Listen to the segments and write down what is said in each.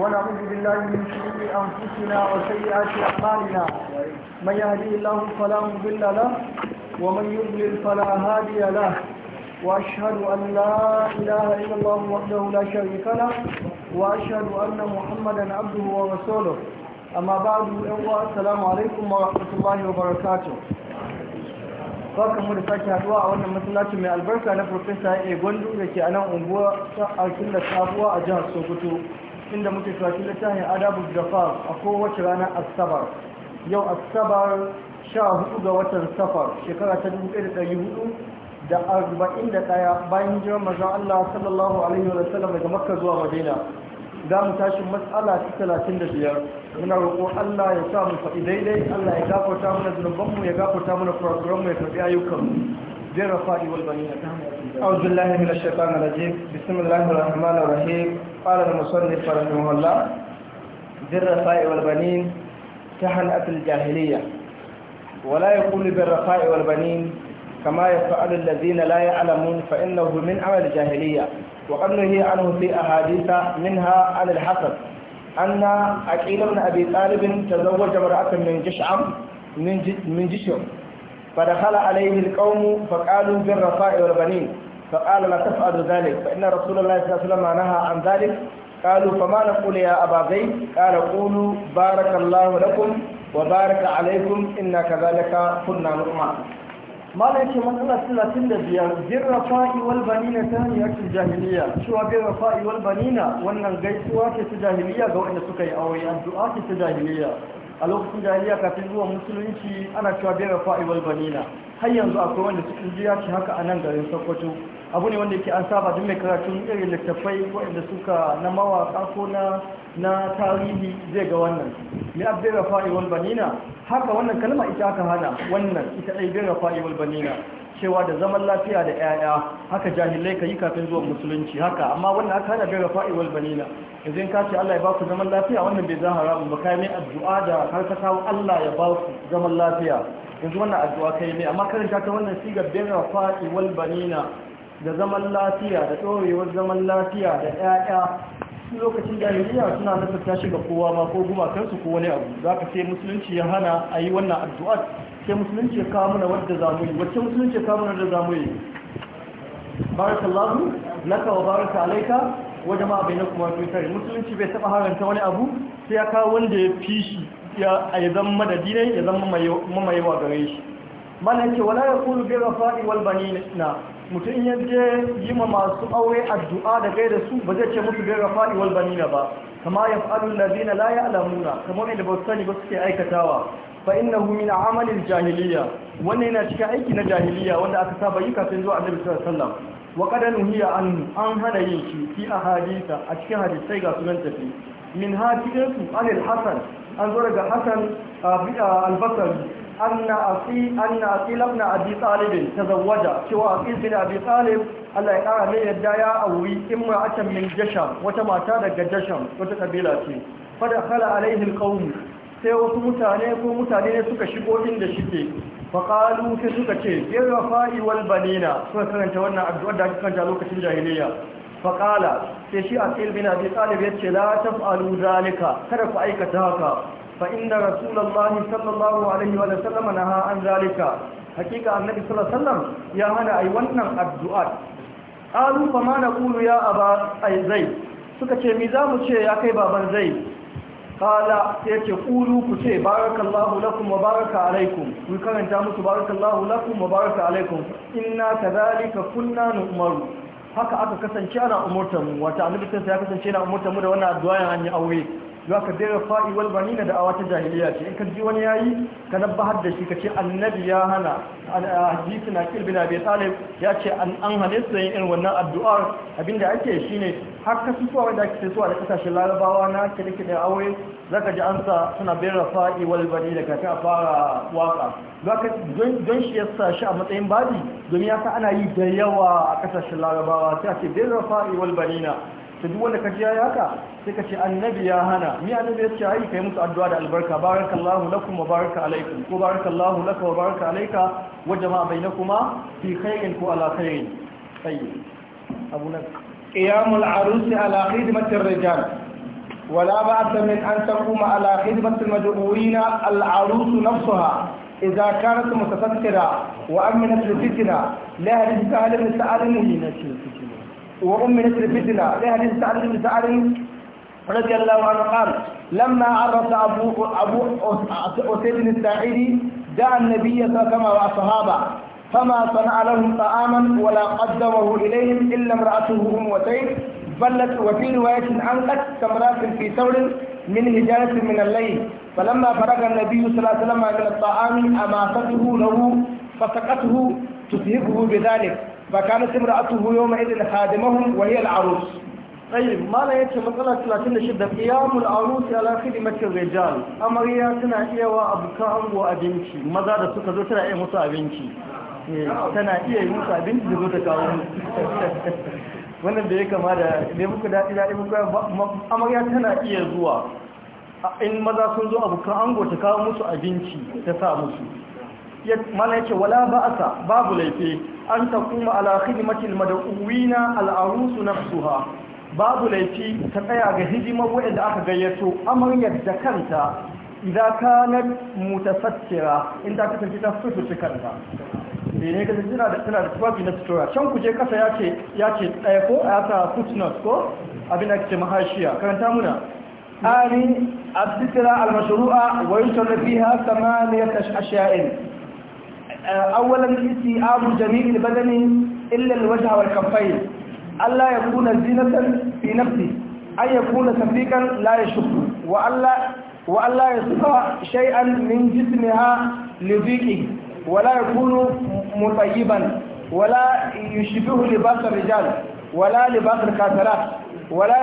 ونعوذ بالله من شرور أنفسنا وسيئات أعمالنا من يهدي الله فلا مضل له ومن يضلل فلا هادي له وأشهد أن لا إله إلا الله وحده لا شريك له وأشهد أن محمدا عبده ورسوله أما بعد السلام عليكم ورحمة الله وبركاته barkanmu da sake haduwa a wannan masallacin mai albarka na Profesa A. Gwandu da ke a nan unguwa ta Alkilla Sabuwa a jihar Sokoto. inda muke tafi littafin adabu jafar a kowace ranar asabar yau asabar sha hudu ga watan safar shekara ta dubu da ɗari da arba'in bayan hijirar mazan allah sallallahu alaihi wa sallam daga makka zuwa madina za mu tashi matsala ta talatin biyar muna roƙo allah ya sa mu faɗi daidai allah ya gafarta mana zunubanmu ya gafarta mana kurakuranmu ya karɓi ayyukanmu zai wal ta hanyar أعوذ بالله من الشيطان الرجيم بسم الله الرحمن الرحيم قال المصنف رحمه الله بالرخاء والبنين كهنأة الجاهلية ولا يقول بالرخاء والبنين كما يفعل الذين لا يعلمون فإنه من عمل الجاهلية وقد نهي عنه في أحاديث منها عن الحسد أن أكيل بن أبي طالب تزوج امرأة من جشعم من جشعم فدخل عليه القوم فقالوا بالرخاء والبنين فقال لا تفعل ذلك فإن رسول الله صلى الله عليه وسلم نهى عن ذلك قالوا فما نقول يا أبا زيد قال قولوا بارك الله لكم وبارك عليكم إنا كذلك كنا نؤمن malam yake matsala talatin da biyar birra fa'iwal banina ta hanyar jahiliya cewa birra fa'iwal banina wannan gaisuwa ce ta jahiliya ga waɗanda suka yi aure addu'a ce ta jahiliya a lokacin jahiliya kafin zuwa musulunci ana cewa bera fa'iwal banina har yanzu akwai wanda cikin jiya ce haka a nan garin sokoto abu ne wanda yake an saba duk mai karatun irin littattafai waɗanda suka na mawaka ko na na tarihi zai ga wannan mai abbera fa'iwal banina haka wannan kalma ita aka hana wannan ita ɗai bera fa'iwal banina cewa da zaman lafiya da 'ya'ya haka jahilai ka yi kafin zuwa musulunci haka amma wannan aka hana bai fa'i wal banina idan ka ce Allah ya baku zaman lafiya wannan bai zahara ba ba kai mai addu'a da har ka kawo Allah ya baku zaman lafiya yanzu wannan addu'a kai mai amma makaranta ta wannan sigar bai fa'i wal banina da zaman lafiya da dorewar zaman lafiya da 'ya'ya lokacin jahiliya suna nasarta shi ga kowa ma ko gumakansu ko wani abu za ka sai musulunci ya hana a yi wannan addu'a ke musulunci ya kawo mana wadda za wacce musulunci ya kawo mana wadda za laka baraka alaika wa jama'a bainakum wa fi musulunci bai taba haranta wani abu sai ya kawo wanda ya fi shi ya zama da ne ya zama wa gare shi mana ce wala ya kulu bi rafa'i wal banina mutum ya yi ma masu aure addu'a da da su ba zai ce musu bi rafa'i wal banina ba kama ya fa'alu allazina la ya'lamuna kamar inda ba su sani ba suke aikatawa fa innahu min amalil jahiliya wannan yana cikin aiki na jahiliya wanda aka saba yi kafin zuwa annabi sallallahu alaihi wasallam wa qad nuhiya an an hana yin shi fi ahadisa a cikin hadisai ga sunan tafi min hadithu an al-hasan an zo daga hasan al-basri anna asi anna asil ibn abi talib tazawwaja cewa asil bin abi talib Allah ya kara mai yadda ya auri imra'atan min jasham wata mata daga jasham wata kabila ce fa dakhala alaihi al-qawm sai wasu mutane ko mutane ne suka shigo inda shike faƙalu sai suka ce ya fa'i wal banina suka karanta wannan addu'ar da ake karanta lokacin jahiliya faƙala sai shi a bin abi talib ya ce la taf'alu zalika kada ku aikata haka fa inna rasulullahi sallallahu alaihi wa sallam naha an zalika hakika annabi sallallahu ya hana ai wannan addu'ar qalu fa ma naqulu ya aba ai zai suka ce mi za mu ce ya kai baban zai kala ya ce kulu ku ce barakallahu lakum wa baraka alaikum ku karanta musu barakallahu lakum wa baraka alaikum inna kadhalika kunna nu'maru haka aka kasance ana umurtar mu wata annabi sai ya kasance ana umurtar mu da wannan addu'a an yi aure za ka dera fa'i wal banina da ta jahiliya ce in ka ji wani yayi ka bahar da shi ka ce annabi ya hana hadisi na kil bin abi talib ya ce an an hadisi yin irin wannan addu'ar abinda ake shine har ka fitowa wanda ake fitowa da kasashen larabawa na kide da aure ka ji an sa suna dera fa'i wal da kafin a fara waka don shi ya sa shi a matsayin babi domin ya ana yi da yawa a ƙasashen larabawa sai a ce dera fa'i wal banina to duk wanda ka ji yayi haka sai ka ce annabi ya hana mi annabi ya ce ai kai musu addu'a da albarka barakallahu lakum wa baraka alaikum ko barakallahu laka wa baraka alaika wa jama'a bainakuma fi khairin ko ala khairin tayyib abu na qiyamul arus ala khidmatir rijal ولا بأس من أن تقوم على خدمة المجبورين العروس نفسها إذا كانت متسترة وأمنت الفتنة لا هل سهل من سأل نسل فتنة لها حديث سعد بن سعدي رضي الله عنه قال لما عرس أبو أبو أسيد الساعدي دعا النبي صلى الله عليه وسلم وأصحابه فما صنع لهم طعاما ولا قدمه إليهم إلا امرأته أم وسيد بلت وفي رواية أنقت كامرأة في ثور من هجانة من الليل فلما فرغ النبي صلى الله عليه وسلم من الطعام أماسته له فسقته تذهبه بذلك فكانت امرأته يومئذ خادمهم وهي العروس طيب ما لا يتشى يتم ثلاثين 36 قيام العروس على خدمة الرجال أمريا تنا إيه وأبكام وأبنتي ماذا دا سكا زو تنا إيه موسى أبنتي تنا إيه موسى أبنتي ذو تكاوم wannan da ya kama da ne muku daɗi daɗi muku amarya tana iya zuwa in maza sun zo abokan ango ta kawo musu abinci ta sa musu mala yake wala ba'asa babu laifi an kuma ala khidmatil mad'uwina arusu nafsuha babu laifi ta tsaya ga hidimar wa'anda aka gayyato amaryar da kanta idan kanat mutafassira in ta kasance ta sutuce kanta eh, ne ka tana da tana da tufafi na tsora can kuje kasa yace yace tsaya ko a sa footnote ko abin da kace mahashiya karanta muna ani abditira al-mashru'a wa yusarrafiha thamaniyat ash'asha'in awalan isi abu jami'i badani illa alwajha wal kaffayn alla yakuna zinatan fi nafsi ay yakuna safikan la yashuqu wa alla wa alla yasqa shay'an min jismiha lidhiqi wa la yakunu mutayyiban wa la yushbihu rijal wa la libas al-kasirat wa la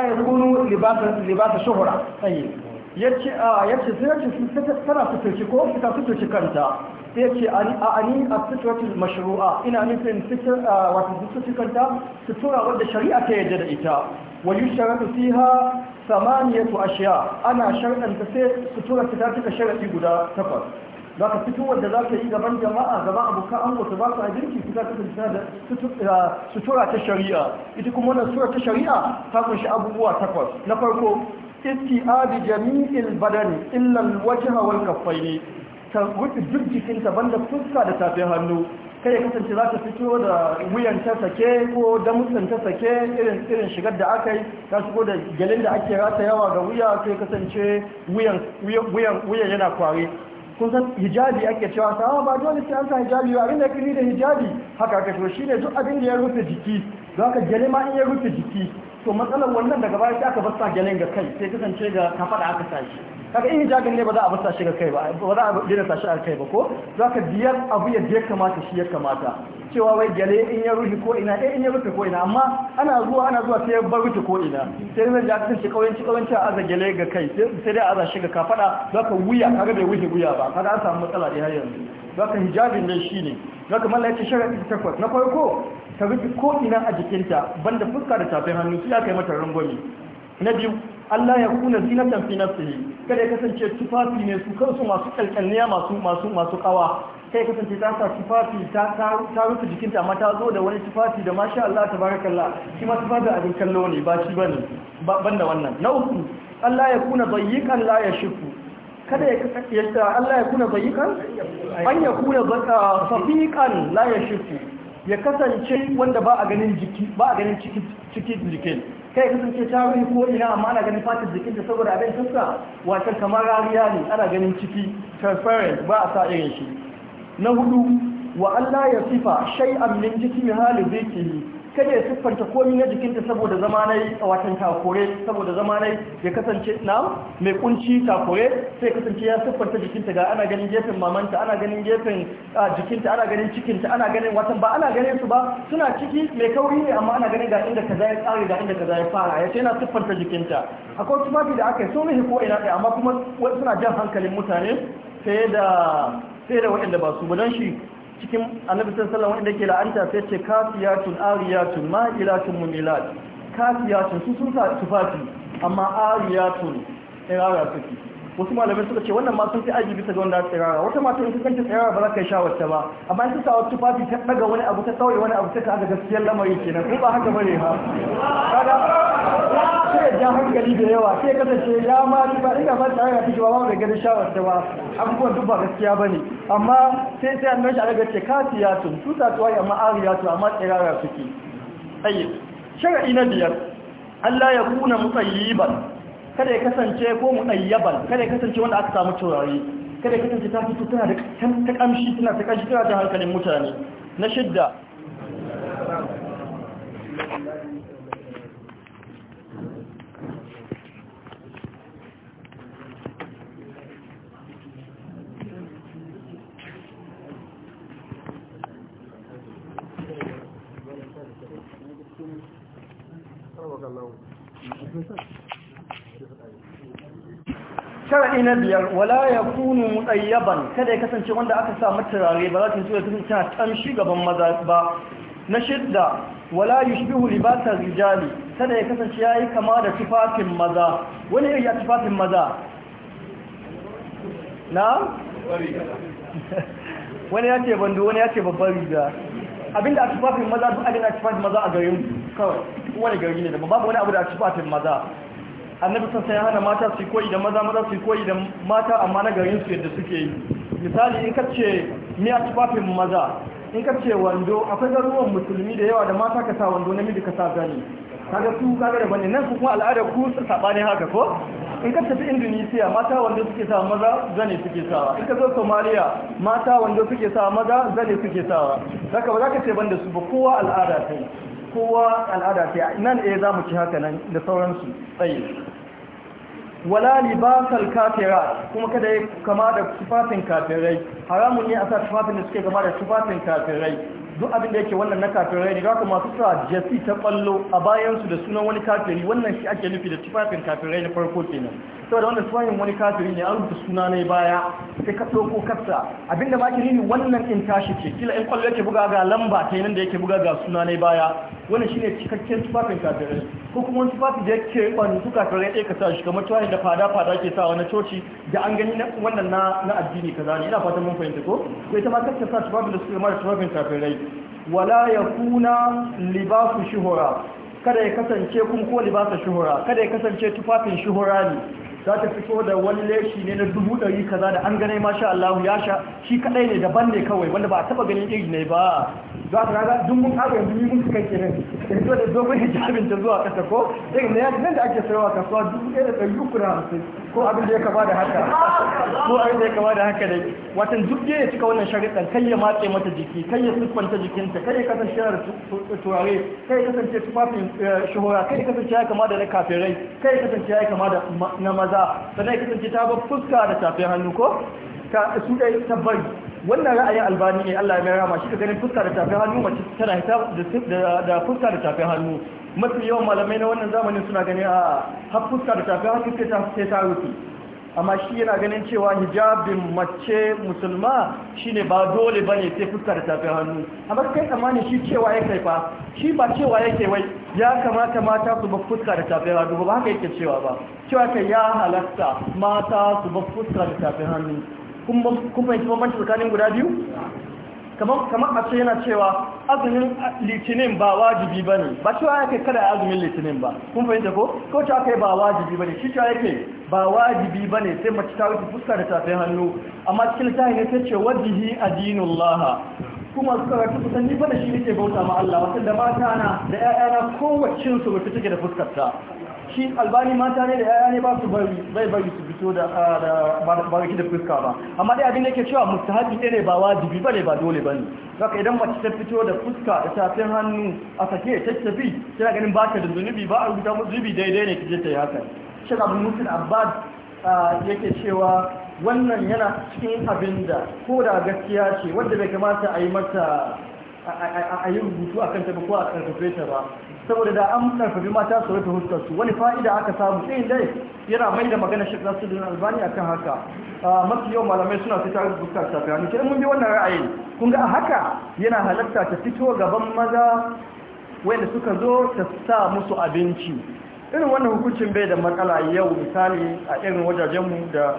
yace a ah, yace sai yace su ta tana fitoci ko ta fitoci kanta sai yace ani a ani a sitratul mashru'a ina nufin sitar ah, wato fitoci kanta tura wanda shari'a ta yarda da ita wa yusharatu fiha samaniyatu ashiya ana sharɗan ta sai tura ta cika sharadi guda takwas za ka fito wanda za ka yi gaban jama'a gaba abokan ango su ba su abinci su za ka kasance da ah, sutura ta shari'a ita kuma wannan sutura ta shari'a ta kunshi abubuwa takwas na farko isti'abi jami'il badani illa wajha wal kaffaini ta wuce duk ta banda fuska da tafin hannu kai ya kasance za ta fito da wuyan ta sake ko damutsan ta sake irin irin shigar da aka yi ta shigo da gyalin da ake rasa yawa ga wuya sai kasance wuyan wuyan wuyan yana kware kun san hijabi ake cewa sa ba dole sai an sa hijabi ba inda da kini da hijabi haka ka to shine duk abin da ya rufe jiki zaka gyale ma in ya rufe jiki to matsalar wannan daga baya sai aka basta gyalen ga kai sai kasance ga kafaɗa aka sashi kaga in hijabin ne ba za a basta shi ga kai ba ba za a tashi a kai ba ko za ka biyar abu ya je kamata shi ya kamata cewa wai gyale in ya rufe ko ina eh in ya rufe ko ina amma ana zuwa ana zuwa sai ya bar rufe ko ina sai zai ja kasance kauyanci a aza gyale ga kai sai dai aza shi ga kafaɗa za ka wuya kaga bai wuce wuya ba kaga an samu matsala dai har yanzu za ka hijabin nan shine za ka mallaka ta takwas na farko ta rufe ina a jikinta banda fuska da tafin hannu shi aka yi mata rangwami na biyu Allah ya kuna zinatan fi nafsihi kada ya kasance tufafi ne su kansu masu kalkalniya masu masu masu kawa kai kasance ta sa tufafi ta ta rufe jikinta amma ta zo da wani tufafi da masha Allah tabarakallah shi ma tufafi abin kallo ne ba shi bane banda wannan na uku Allah ya kuna bayyikan la ya shifu kada ya kasance Allah ya kuna bayyikan an ya kuna ah, safiqan la ya shifu ya kasance wanda ba a ganin jiki ba a ganin ciki jikin kai kasance ta tarihi ko ina amma ana ganin fatin jikin da saboda abin sassa wata kamar rariya ne ana ganin ciki transparent ba a sa irin shi na hudu wa Allah ya sifa shay'an min zai ke zikiri kada ya siffanta komi na jikinta saboda zama na yi watan takore saboda zama na ya kasance na mai kunci takore sai kasance ya siffanta jikinta ga ana ganin gefen mamanta ana ganin gefen jikinta ana ganin cikinta ana ganin watan ba ana ganin su ba suna ciki mai kauri ne amma ana ganin ga inda kaza ya tsare ga inda kaza ya fara ya ce yana siffanta jikinta akwai tufafi da aka yi so mihi ko ina ɗaya amma kuma suna jan hankalin mutane sai da sai da waɗanda ba su ba don shi cikin annabi sallallahu alaihi wasallam wanda yake la'anta sai ce kafiyatun ariyatun ma'ilatun mumilat kafiyatun su sun sa tufafi amma ariyatun irara suke wasu malamai suka ce wannan ma sun fi aji bisa ga wanda tsirara wata mata in kanta tsirara ba za ka yi shawarta ba amma in ta sa wata tufafi ta daga wani abu ta sauye wani abu ta ka gaskiyar lamari kenan ko ba haka bane ha kaga sai ya hankali da yawa sai kasance ya ma ni ba ina ba tsirara ta ji ba ba ga ganin shawarta ba abubuwan duk ba gaskiya bane amma sai sai annabi shi ga ce ta tutatuwa amma ariyatu amma tsirara suke ayyuka shar'i na biyar Allah ya kuna mutayyiban kada ya kasance ko mu ayyabal kada ya kasance wanda aka samu turare kada ya kasance ta fito tana da ta kamshi tana ta kashi tana ta hankalin mutane na shidda Thank you. sharaɗi na biyar wala ya kunu mutsayyaban kada ya kasance wanda aka sa maturare ba za ta zuwa tun tana tamshi gaban maza ba na shidda wala yushbihu libasa rijali kada ya kasance yayi kama da tufafin maza wani iri ya tufafin maza na wani ya ce bandu wani ya ce babbar riga abinda a tufafin maza duk abin a tufafin maza a garin kawai wani gari ne da babu wani abu da a tufafin maza annabi sun sai hana mata su koyi da maza maza su koyi da mata amma na garin su yadda suke yi misali in ka ce miya tufafin maza in ka ce wando akwai garuruwan musulmi da yawa da mata ka sa wando namiji ka sa gani kaga su kaga da bane nan kuma al'ada ku su sabani haka ko in ka tafi Indonesia mata wando suke sa maza zane suke sa. in ka zo Somalia mata wando suke sa maza zane suke sa. haka ba za ka ce banda su ba kowa al'ada ta yi, kowa al'ada ta yi. nan eh za mu ci haka nan da sauransu tsaye wala libasal kafira kuma kada ya kama da tufafin kafirai haramun ne a sa tufafin da suke kama da tufafin kafirai duk abin da yake wannan na kafirai ne zaka masu sa jasi ta kwallo a bayansu da sunan wani kafiri wannan shi ake nufi da tufafin kafirai na farko kenan saboda wannan tuwayin wani kafiri ne an rubuta suna ne baya sai ka tsoko kafsa abinda baki ke nini wannan in tashi ce kila in kwallo yake buga ga lamba ta nan da yake buga ga suna ne baya wani shine cikakken tufafin kafirai ko kuma wani da yake kwanu su kafirai ɗaya ka sa shi kamar tuwayin da fada fada ke sa wani coci da an gani wannan na na addini ka ne ina fatan mun fahimta ko ko ita ma kafsa sa tufafin da suke mara tufafin kafirai wala ya kuna libasu shuhura kada ya kasance kuma ko libasa shuhura kada ya kasance tufafin shuhura ne za ta fito da wani leshi ne na dubu ɗari kaza da an gane masha Allah ya sha shi kadai ne daban ne kawai wanda ba a taba ganin iri ne ba za ta raga dun mun kaga yanzu mun suka ke nan da zo da dogon hijabin ta zuwa kasa ko irin na nan da ake sarawa kasuwa dubu ɗaya da ɗari uku da hamsin ko abin da ya kama da haka ko abin da ya kama da haka dai watan duk da ya cika wannan sharuɗan kai ya matse mata jiki kai ya siffanta jikinta kai ya kasance yana da turare kai ya kasance tufafin eh, shahura kai ya kasance ya kama da na kafirai kai ya kasance ya kama da na maza sannan ya kasance ta bar fuska da tafin hannu ko su dai ta bari wannan ra'ayin albani ne Allah ya mai rama shi ka ganin fuska da tafin hannu mace tana hita da fuska da tafin hannu mafi yawan malamai na wannan zamanin suna ganin a har fuska da tafin hannu sai ta rufe amma shi yana ganin cewa hijabin mace musulma shine ba dole bane sai fuskar ta fi hannu amma kai tsammanin shi cewa ya kai fa shi ba cewa yake wai ya kamata mata su ba fuska da tafi hannu ba haka yake cewa ba cewa kai ya halatta mata su ba fuska da tafi hannu kuma kuma kuma tsakanin guda biyu kamar a ce yana cewa azumin litinin ba wajibi ba ne ba cewa yake kada azumin litinin ba kun fahimta ko ko ta kai ba wajibi ba ne shi cewa yake ba wajibi ba ne sai mace ta wuce fuska da tafin hannu amma cikin littafin ne ta ce wajihi adinullaha kuma suka ga kusan ni fa da shi nake bauta ma Allah wasan da mata na da ƴaƴana kowacce su wuce take da fuskar ta shi albani mata ne da yaya ne ba su bai bari su fito da baraki da fuska ba amma dai abin da ke cewa mustahabi ne ba wajibi ba ne ba dole ba ne zaka idan mace ta fito da fuska da safin hannu a sake ta tafi tana ganin ba ta da zunubi ba a rubuta musu zubi daidai ne kije ta yi haka shi abu musul abbad yake cewa wannan yana cikin abin da ko da gaskiya ce wanda bai kamata a yi mata a yi rubutu a kan ta ko a karfafe ta ba saboda da an karfafi mata su rufe hustarsu wani fa'ida aka samu tsayin dai yana mai da magana shi zasu da albani akan haka mafi yau malamai suna fitar da fuskar safiyanu kiran mun bi wannan ra'ayin kun ga a haka yana halatta ta fito gaban maza wanda suka zo ta sa musu abinci irin wannan hukuncin bai da matsala yau misali a irin wajajenmu da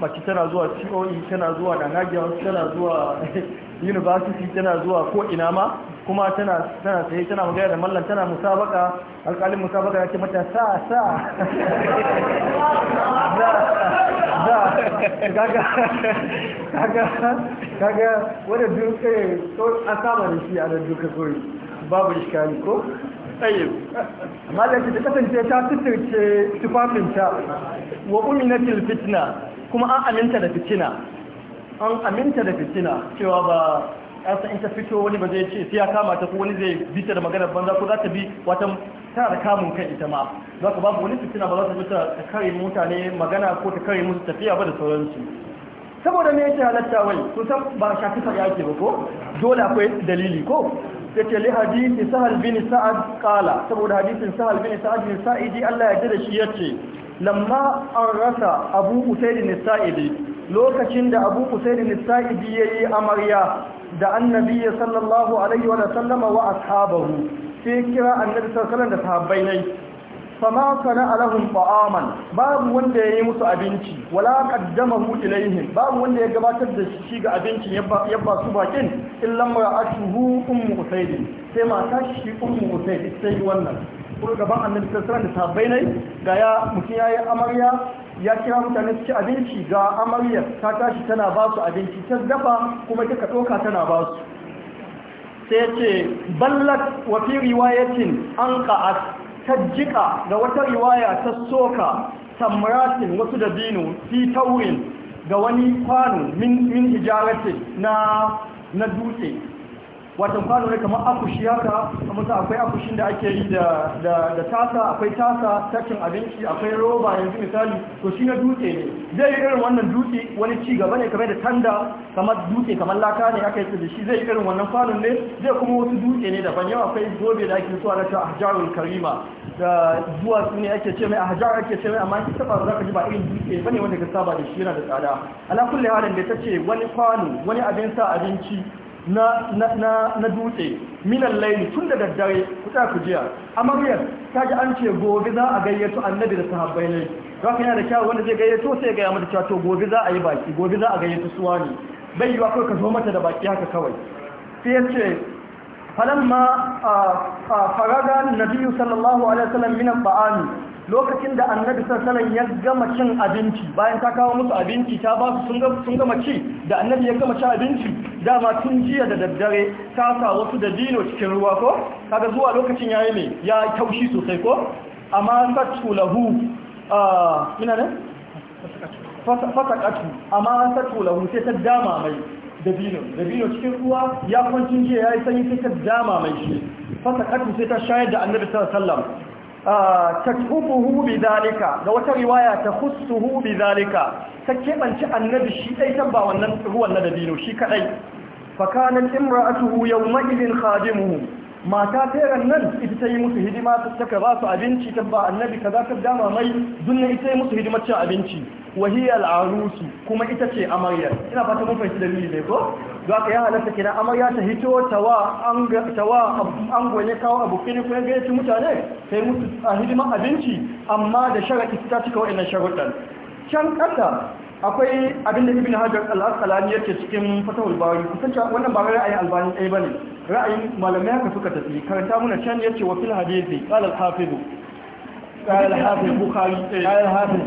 mace tana zuwa coe tana zuwa da nagiyar tana zuwa university tana zuwa ko ina ma kuma tana tana sai tana magana da mallan tana musabaka alƙalin musabaka ya ce mata sa sa za za kaga kaga kaga wanda duk eh a saba da shi a da duka koyi babu iskali ko tsaye malaki ta kasance ta tuturce tufafinta wa uminatil fitna kuma an aminta da fitina an aminta da fitina cewa ba ƙasa in ta fito wani ba zai ce sai ya kama ta ko wani zai bi ta da maganar banza ko za ta bi wata tana da kamun kai ita ma za ka babu wani fitina ba za ta bi ta kare mutane magana ko ta kare musu tafiya ba da sauransu saboda me yake halatta wai san ba shafi sa yake ba ko dole akwai dalili ko yace li hadisi sahal bin sa'ad qala saboda hadisin sahal bin sa'ad bin sa'idi Allah ya da shi yace lamma an rasa abu usaid bin sa'idi lokacin da abu usaid bin sa'idi yayi amarya da annabi ya sallallahu alaihi wa sallama wa ashabahu sai kira annabi sallallahu da sahabbai nai fama kana alahum ta'aman babu wanda yayi musu abinci wala hu ilaihim babu wanda ya gabatar da shi ga abincin ya ba su bakin illa mar'atuhu ummu usayd sai mata shi ummu usayd sai wannan kuma gaban annabi sallallahu da tabbai ne ga ya mutum yayi amarya ya kira mutane su ci abinci ga amarya ta tashi tana ba su abinci ta dafa kuma ta doka tana ba su sai ce ballat wa fi riwayatin an qa'at tajjika ga wata riwaya ta soka tamratin wasu da binu fi tawrin ga wani kwano min min hijaratin na na dutse wato kwano ne kamar akushi haka mutu akwai akushin da ake yi da tasa akwai tasa takin abinci akwai roba yanzu misali to shi na dutse ne zai yi irin wannan dutse wani ci gaba ne kamar da tanda kamar dutse kamar laka ne aka yi da shi zai yi irin wannan kwano ne zai kuma wasu dutse ne daban yau akwai zobe da ake so a ta ahjarul karima da zuwa su ne ake ce mai ahjar ake ce mai amma ita ba za ka ji ba irin dutse bane wanda ka saba da shi yana da tsada ala kulli halin da ta ce wani kwano wani abin sa abinci na dutse minan laili tun da daddare ku ta ku jiya amaryar ta ji an ce gobe za a gayyato annabi da sahabbai ne za ka yana da kyawu wanda zai gayyato sai gaya mata cewa to gobe za a yi baki gobe za a gayyato suwa ne bai wa kawai ka zo mata da baki haka kawai sai ya ce falamma faraga nabiyyu sallallahu alaihi wasallam min al-ba'ani lokacin da annabi sallallahu ya gama cin abinci bayan ta kawo musu abinci ta ba su sun gama ci da annabi ya gama cin abinci dama tun jiya da daddare ta sa wasu da dino cikin ruwa ko kaga zuwa lokacin yayi ne ya taushi sosai ko amma satu lahu a ina ne fasakatu amma satu lahu sai ta dama mai dabino dabino cikin ruwa ya kwanci jiya yayi sanyi sai ta dama mai shi fasakatu sai ta shayar da annabi sallallahu alaihi wasallam tashubuhu bidhalika da wata riwaya tahussuhu bidhalika ta kebanci annabi shi dai tan ba wannan ruwan na dabino shi kadai fa kanat imra'atuhu yawma idin khadimuhu mata teran nan ita ta yi musu hidima ta saka ba su abinci ta ba annabi kaza ta dama mai dunna ita yi musu hidimar cin abinci wahiyal arusu kuma ita ce amaryar ina fata mun fahimci dalili ne ko za ka yi halatta kina amarya ta hito tawa an gwane kawo abokin kuma ga yaci mutane sai mutu a hidiman abinci amma da sharaɗi ta cika wa'annan sharuɗan can ƙasa akwai abin abinda na hajar al-asqalani yake cikin fatawar bari kusan wannan ba ra'ayi albani ɗaya ne ra'ayin malamai haka suka tafi karanta muna can yake wakil fil hadisi qala al-hafiz qala al-hafiz bukhari eh, qala hafiz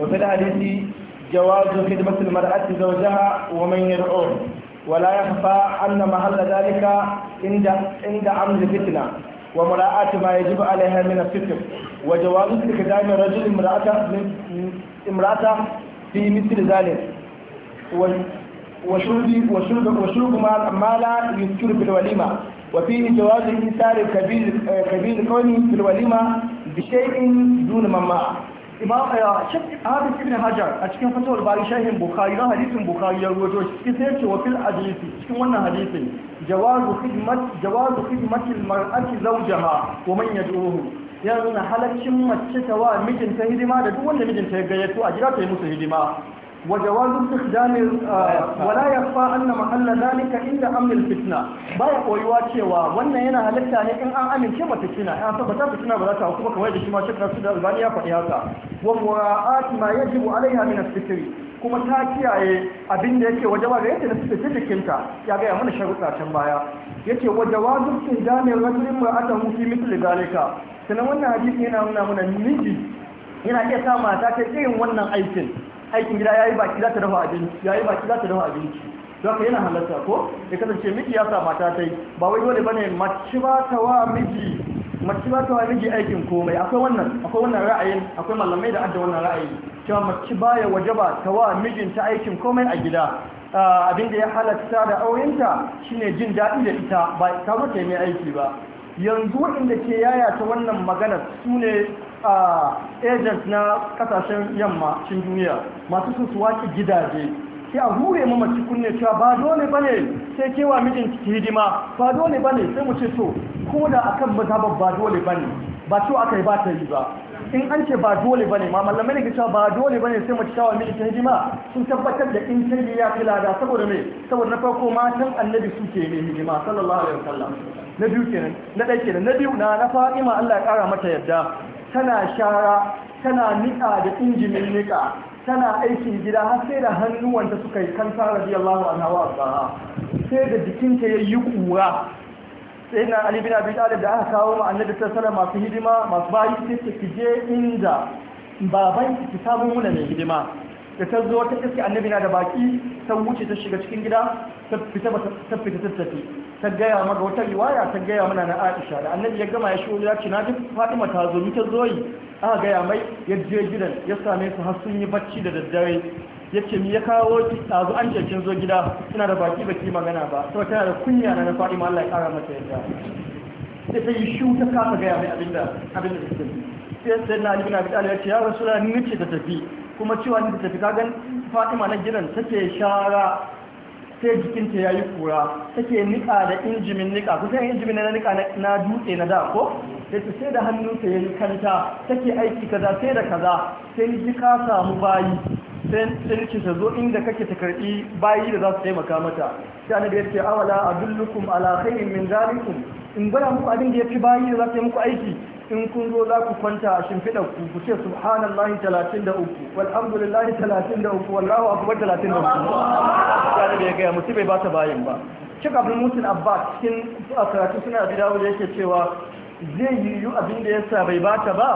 wa hadisi jawazu khidmat marati zawjaha wa man yar'uhu ولا يخفى أن محل ذلك عند عند عمل فتنة ومراعاة ما يجب عليها من الفكر وجواز استخدام الرجل امرأة امرأة في مثل ذلك وشرب وشرب وشرب ما لا يذكر في الوليمة وفيه جواز إيثار كبير كبير كونه في الوليمة بشيء دون مماعة imam eh, shek abin ibn hajar a cikin fatawar bari shahin bukhari na hadisin bukari ya ruwato shi sai ce wa fil hadisi cikin wannan hadisin jawazu khidmat jawazu khidmatil mar'ati zawjaha wa man yad'uhu ya nuna halaccin mace ta wa mijinta hidima da duk wanda mijinta ya gayyato a gida ta yi musu hidima وجواز استخدام ولا يخفى ان محل ذلك عند امن الفتنه باي قويوا تشوا wannan yana halitta ne in an amince mata kina an tabbata kina ba za ta hukuma kamar da shi ma shi kan su da albaniya fadi haka wa mura'at ma yajibu alaiha min kuma ta kiyaye abin da yake wajaba ga yadda nasu fitin kinta ya ga mana sharuɗa can baya yace wajaba duk sai jami'ar rajulin mura'atan mu fi mithli zalika sanan wannan hadisi yana nuna mana miji yana iya sa mata ta irin wannan aikin aikin gida yayi baki za ta dafa abinci yayi baki za ta dafa abinci haka yana halatta ko ya kasance miji ya sa mata tai ba wai dole bane mace ba ta wa miji mace ba ta wa miji aikin komai akwai wannan akwai wannan ra'ayin akwai malamai da adda wannan ra'ayi cewa mace baya wajaba ta wa mijinta aikin komai a gida ah, abin da ya halatta da aurenta shine jin daɗi da ita ba ta mata mai aiki ba yanzu waɗanda ke yaya ta wannan magana su ne agent na kasashen yamma cin duniya masu sun su wake gidaje sai a hure mace kunne cewa ba dole bane sai kewa mijin ki hidima ba dole bane sai mu ce to ko da akan mazhabar ba dole bane ba to aka yi ba ta yi ba in an ce ba dole bane ma mallamai ne cewa ba dole bane sai mace tawa mijin ciki hidima sun tabbatar da in sai ya fi lada saboda me saboda na farko matan annabi suke ne hidima sallallahu alaihi wasallam na biyu kenan na ɗaya kenan na biyu na na fa'ima Allah ya kara mata yadda tana shara tana nika da injinin nika tana aikin gida har sai da hannuwanta suka yi kanta radiyallahu anha wa arzaha sai da jikinta ya yi kura sai na ali bin abi talib da aka kawo ma annabi sallallahu masu hidima masu bayi sai kije inda baban ki samu mun mai hidima da ta zo ta iske annabi na da baki ta wuce ta shiga cikin gida ta fita ta fita ta tafi ta gaya mana wata riwaya ta gaya mana na Aisha da annabi ya gama ya wani ya ce duk Fatima ta zo mita zoyi aka gaya mai ya je gidan ya same su har sun yi bacci da daddare ya ce ya kawo ki tazo an ce kin zo gida kina da baki baki magana ba saboda tana da kunya na Fatima Allah ya kara mata yadda sai ta yi shu ta kafa gaya mai abinda abinda ta sai sai na Ali na Abi Talib ya ce ya Rasulullahi ni ce ta tafi kuma cewa ni ta tafi kagan Fatima na gidan take shara sai jikinta ya yi kura take nika da injimin nika kusa yin injimin na nika na dutse na da ko sai sai da hannunta ya yi kanta take aiki kaza sai da kaza sai ji ka samu bayi sai nake ta zo inda kake ta karbi bayi da za su taimaka mata sai annabi ya ce awala adullukum ala khairin min zalikum in gwada muku abin da ya fi bayi da za su yi muku aiki in kun zo za ku kwanta a shimfiɗar ku ku ce subhanallahi 33 walhamdulillahi 33 wallahu akbar 33 ya da bai gaya mutu bai ba ta bayan ba shi kafin mutum abbas cikin karatu suna da dawo da yake cewa zai yiwu abin da yasa bai ba ta ba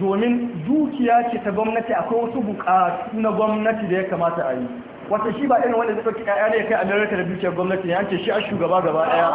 domin dukiya ce ta gwamnati akwai wasu buƙatu na gwamnati da ya kamata a yi wata shi ba irin wanda zai ɗauki ƴaƴa ne kai amerika da dukiyar gwamnati ne an ce shi a shugaba gaba ɗaya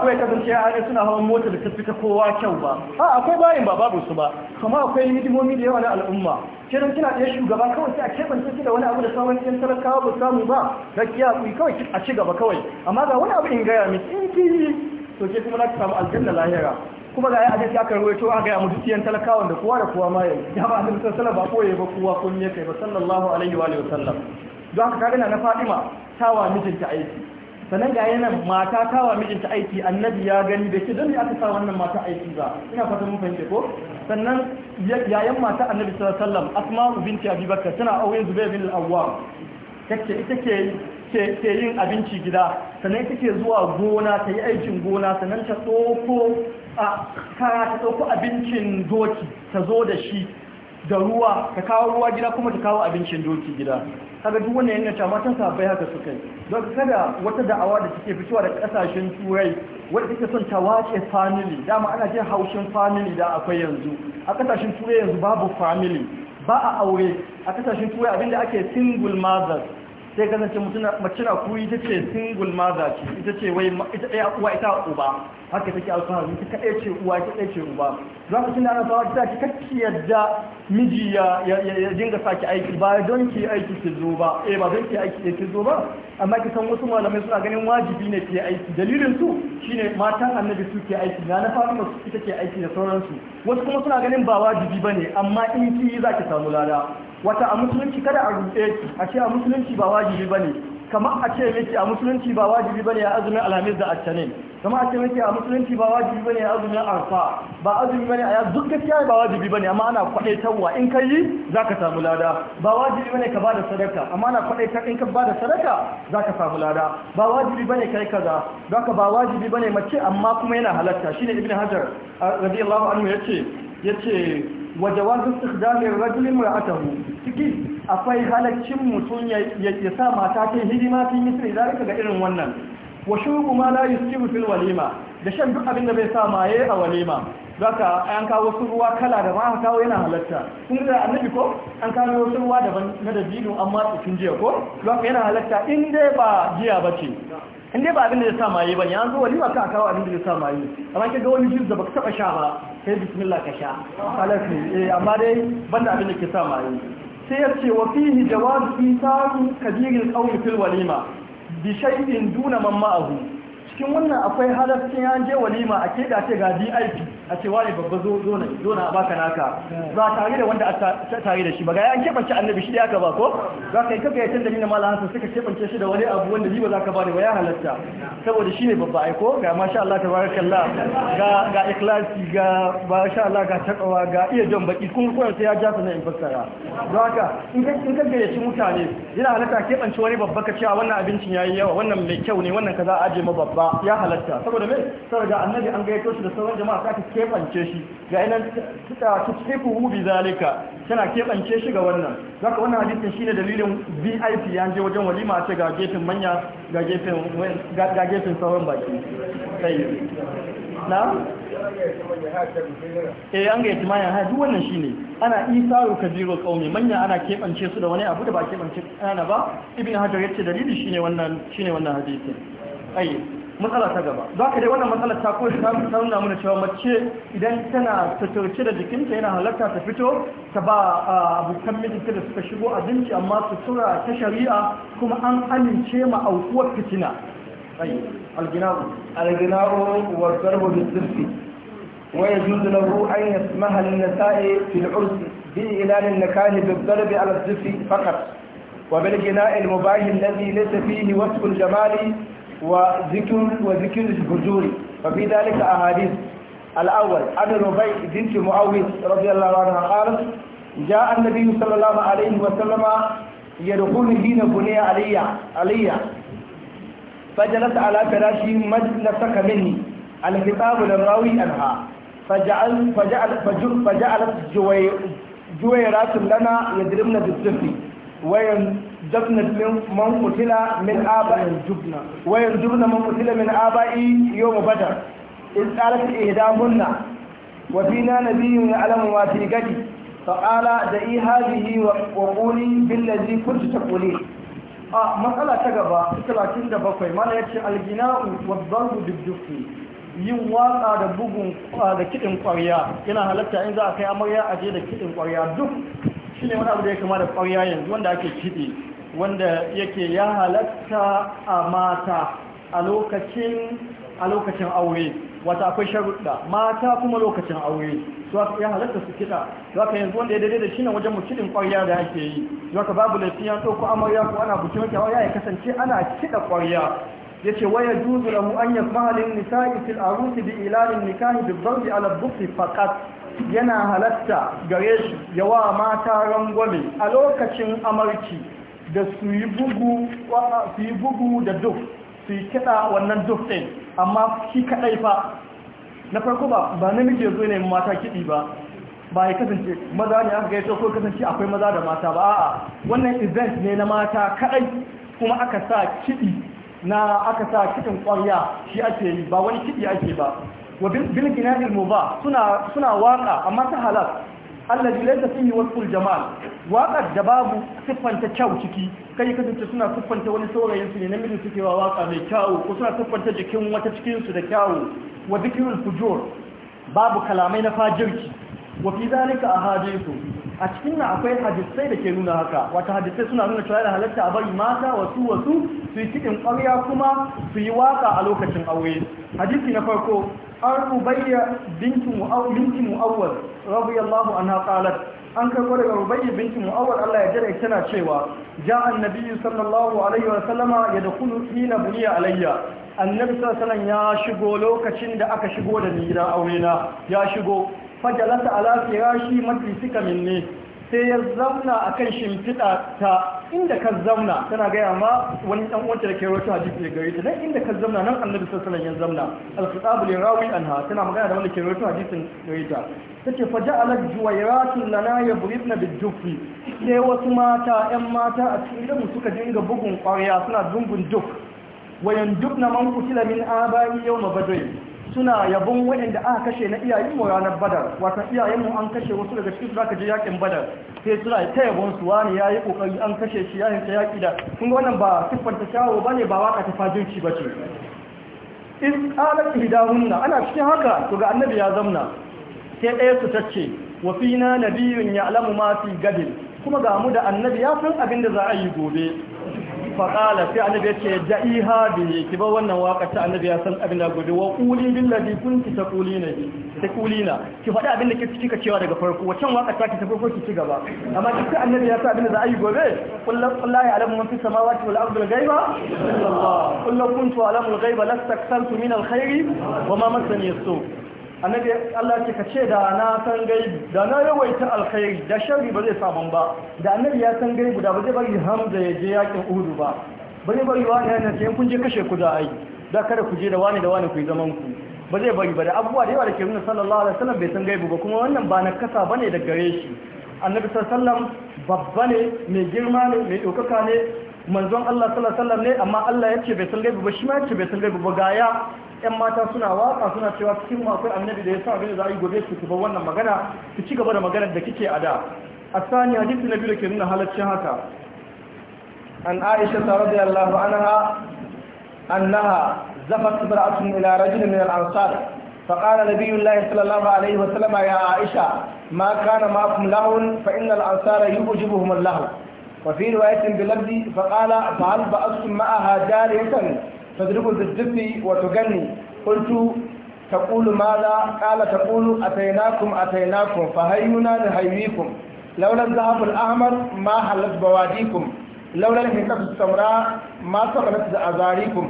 ko ya kasance ƴaƴa suna hawan mota da tafi ta kowa kyau ba a akwai bayin ba babu su ba kuma akwai hidimomi da yawa na al'umma kenan kina ɗaya shugaba kawai sai a keɓance shi da wani abu da sauran yan talakawa ba samu ba gaskiya ku kawai a ci gaba kawai amma ga wani abu in gaya mai in ki to ke kuma na samu aljanna lahira kuma ga a gaskiya aka rawaito aka yi mutu ciyan talakawan da kowa da kowa ma yayi ya ba annabi sallallahu alaihi ba ba kowa kun kai ba sallallahu alaihi wa sallam don haka kaga na Fatima tawa mijinta aiki sannan ga yana mata tawa mijinta aiki annabi ya gani da ke don ne aka sa wannan mata aiki ba ina fata mun fahimce ko sannan yayan mata annabi sallallahu alaihi wasallam asma'u binti abubakar tana auren zubair bin al-awwam yin abinci gida sannan ita ke zuwa gona ta yi aikin gona sannan ta tsoko a kara ta tsoko abincin doki ta zo da shi da ruwa ka kawo ruwa gida kuma ta kawo abincin doki gida kaga duk wannan yana ta matan bai haka suka yi don kada wata da'awa da take fitowa da kasashen turai wanda take son ta wace family dama ana jin haushin family da akwai yanzu a kasashen turai yanzu babu family ba a aure a kasashen turai abinda ake single mothers sai kasance mace na ku ita ce single maza ce ita ce wai ita ɗaya uwa ita uba haka take alfahari ita kaɗai ce uwa ita ɗaya ce uba za ku tuna ana fawa ta ce kakki yadda miji ya dinga sa ki aiki ba don ki aiki ki zo ba eh ba don ki aiki ki zo ba amma ki san wasu malamai suna ganin wajibi ne ki aiki dalilin su shine matan annabi su ke aiki na na fara masu ita ke aiki da sauransu wasu kuma suna ganin ba wajibi bane amma in ki za ki samu lada wata a musulunci kada a rufe a ce a musulunci ba wajibi bane kamar a ce miki a musulunci ba wajibi bane ya azumin alhamis da attanin kamar a ce miki a musulunci ba wajibi bane ya azumin arfa ba azumi bane a duk gaskiya ba wajibi bane amma ana tawwa in ka yi zaka samu lada ba wajibi bane ka bada sadaka amma ana ta in ka bada sadaka zaka samu lada ba wajibi bane kai kaza zaka ba wajibi bane mace amma kuma yana halatta shine ibnu hajar radiyallahu anhu yace yace wa jawazu istikhdami ar-rajuli imra'atahu cikin akwai halaccin mutum ya sa mata ta hidima tun yi sai zalika ga irin wannan wa shubu ma la yusibu fil walima da shan duk abin da bai sa maye a walima zaka an kawo wasu ruwa kala da ma kawo yana halatta kun ga annabi ko an kawo wasu ruwa daban na dabino amma cikin jiya ko zaka yana halatta in dai ba jiya bace in dai ba abin da ya sa maye ba an zo walima ka kawo abin da ya sa maye amma kaga wani jus da baka taba sha ba sai bismillah ka sha alafi eh amma dai banda abin da ke sa maye sai ya ce wa fihi jawaz isaru kabiril qawli fil walima bi shay'in duna man cikin wannan akwai halaskin ya je walima a keɗa ce ga vip a cewa ne babba zo na zo na baka naka ba tare da wanda a tare da shi ba ga ya an keɓance annabi shi da aka ba ko za ka yi kaga ya tunda ni na malam suka keɓance shi da wani abu wanda ziba ba za ka ba ne ba ya halatta saboda shi ne babba aiko ga masha Allah tabarakallah ga ga ikhlasi ga masha Allah ga takawa ga iya jan baki kun koyar sai ya ja sana in fassara Za ka in ka in ka gayyaci mutane yana halatta keɓance wani babba ka cewa wannan abincin yayi yawa wannan mai kyau ne wannan kaza aje ma babba ba ya halatta saboda mai sarga annabi an gaito shi da sauran jama'a ta kebance shi ga inan suka tukefu hu bi zalika tana kebance shi ga wannan zaka wannan hadisin shine dalilin VIP ya je wajen walima ce ga gefen manya ga gefen ga gefin sauran baki sai na eh an gaita manyan haya duk wannan shine ana isaru kabiru qaumi manya ana kebance su da wani abu da ba kebance ana ba ibn hajar yace dalili shine wannan shine wannan hadisin ayi matsala ta gaba za ka dai wannan matsala ta koyi ta nuna mana cewa mace idan tana suturce da jikinta yana halarta ta fito ta ba abokan mijinta da suka shigo abinci amma sutura ta shari'a kuma an amince ma aukuwar fitina ayi algina'u algina'u wa zarbu bizirfi ويجوز له أن يسمح للنساء في العرس بإعلان النكاح بالضرب على الزف فقط وبالجناء المباح الذي ليس فيه وصف الجمال وذكر وذكر الفجور ففي ذلك أحاديث الأول عن ربيع بنت معاوية رضي الله عنها قالت جاء النبي صلى الله عليه وسلم يدخل حين بني علي علي فجلس على فراشي مجلسك مني الخطاب للراوي عنها فجعل فجعل فجعلت جويرات لنا يضربن بالسفن wayan dafnat man kutila min aba'i jubna wayan jubna man kutila min aba'i yawm badar إذ قالت إهدامهن وفينا نبي يعلم ما da غدي فقال دعي هذه وقولي بالذي كنت تقولين a matsala ta gaba 37 mana yace algina'u wa dharbu biddufi yin waka da bugun da kidin kwarya yana halatta in za a kai amarya aje da kidin kwarya duk shi ne wani abu da ya kama da ƙwarya yanzu wanda ake kiɗi wanda yake ya halatta a mata a lokacin aure wata akwai sharuɗa mata kuma lokacin aure su haka ya halatta su kiɗa su haka yanzu wanda ya daidai da shi ne wajen mutumin ƙwarya da ake yi su haka babu lafiya ɗauko amarya ko ana bukin kyawa ya kasance ana kiɗa ƙwarya Ya ce waya juzu lahu an yasma'a lin nisa'i fil arusi bi ilalin nikahi bi dharbi ala dhuffi faqat yana halatta gare shi yawa mata rangwame a lokacin amarci da su yi bugu su yi bugu da duk su yi kiɗa wannan duk ɗin amma shi kaɗai fa na farko ba ba namiji zo ne mata kiɗi ba ba ya kasance maza ne aka gaito ko kasance akwai maza da mata ba a'a wannan event ne na mata kaɗai kuma aka sa kiɗi na aka sa cikin kwarya shi ake yi ba wani kiɗi ake ba wa bil ginadil muba suna suna waka amma ta halal allazi laysa fihi wasful jamal waƙar da babu siffanta kyau ciki kai dace suna siffanta wani saurayin su ne namiji suke wa waka mai kyau ko suna siffanta jikin wata cikinsu da kyau wa dhikrul fujur babu kalamai na fajirki wa fi zalika hadisu a cikin na akwai hadisai da ke nuna haka wata hadisai suna nuna cewa halatta a bari mata wasu wasu su yi kiɗin ƙwarya kuma su yi waka a lokacin aure hadisi na farko an rubayya binti mu'awwal yallahu anha haƙalar an karɓo daga rubayi binti mu'awar Allah ya jira tana cewa ja annabi sallallahu alaihi wa sallama ya dakhulu hina buniya alayya annabi sallallahu ya shigo lokacin da aka shigo da ni gidan aure na ya shigo fajalata ala firashi majlisika minni sai ya zauna a kan shimfiɗa ta inda ka zauna tana gaya ma wani ɗan uwanta da ke rawaito hadisi da gare ta dan inda ka zauna nan annabi sallallahu alaihi wasallam ya zauna al ne rawi an ha tana magana da wanda ke rawaito hadisin gare ta ta tace fa ya juwayratun lana na da dufi sai wasu mata 'yan mata a cikin gidanmu suka dinga bugun ƙwarya suna dungun duk wayan duk na man kusila min yau ma badr suna yabon waɗanda aka kashe na iyayenmu ranar badar wata iyayenmu an kashe wasu daga cikin suna zaka je yakin badar sai suna ta yabon su wani yi kokari an kashe shi yayin ta yaƙi da kun ga wannan ba siffanta shawo ba ne ba waka ta ba ce. in qalat hunna ana cikin haka to ga annabi ya zamna sai ɗaya su tace wa fina nabiyyun ya ma fi gadin kuma ga mu da annabi ya san abin da za a yi gobe faƙala sai annabi ya ce da'iha bihi ki ba wannan waka ta annabi ya san abin da gobe wa quli kun kunti taqulina bi taqulina ki faɗa abin da kike kika cewa daga farko wacan waka ta ki tafi farko ki cigaba gaba amma sai annabi ya sa abin da za a yi gobe qul la ya'lamu man fis samawati wal ardi al ghaiba illa Allah qul kuntu a'lamu al ghaiba lastaktartu min al khairi wa ma massani as-su' annabi Allah ce ka ce da na san gaibi da na yawaita alkhairi da sharri ba zai samu ba da annabi ya san gaibi da ba zai bari Hamza ya je yakin Uhud ba ba zai bari wani yana ce kun je kashe ku da ai da kada ku je da wani da wani ku yi zaman ku ba zai bari ba da abubuwa da yawa da ke nuna sallallahu alaihi wasallam bai san gaibi ba kuma wannan ba na kasa bane da gare shi annabi sallallahu alaihi wasallam babba ne mai girma ne mai ɗaukaka ne manzon Allah sallallahu alaihi wasallam ne amma Allah ya ce bai san gaibi ba shi ma ya ce bai san gaibi ba ga ya yan mata suna waka suna cewa cikin akwai annabi da ya sa abin da za a yi gobe su tuba wannan magana su ci gaba da maganar da kike a da asani hadisi na biyu da ke nuna halaccin haka an aisha radiyallahu Anaha, annaha zafat imra'atun ila rajulin min al-ansar فقال نبي الله صلى الله عليه وسلم يا عائشة ما كان Ansar, لهو فإن الأنصار يعجبهم اللهو وفي رواية بلفظ فقال فهل بأستم معها جارية tadrubu bidduffi wato gani kuntu taqulu mala qala taqulu ataynakum ataynakum fa hayyuna la hayyikum laula dhahabul ahmar ma halat bawadikum laula hikatus samra ma saqalat azarikum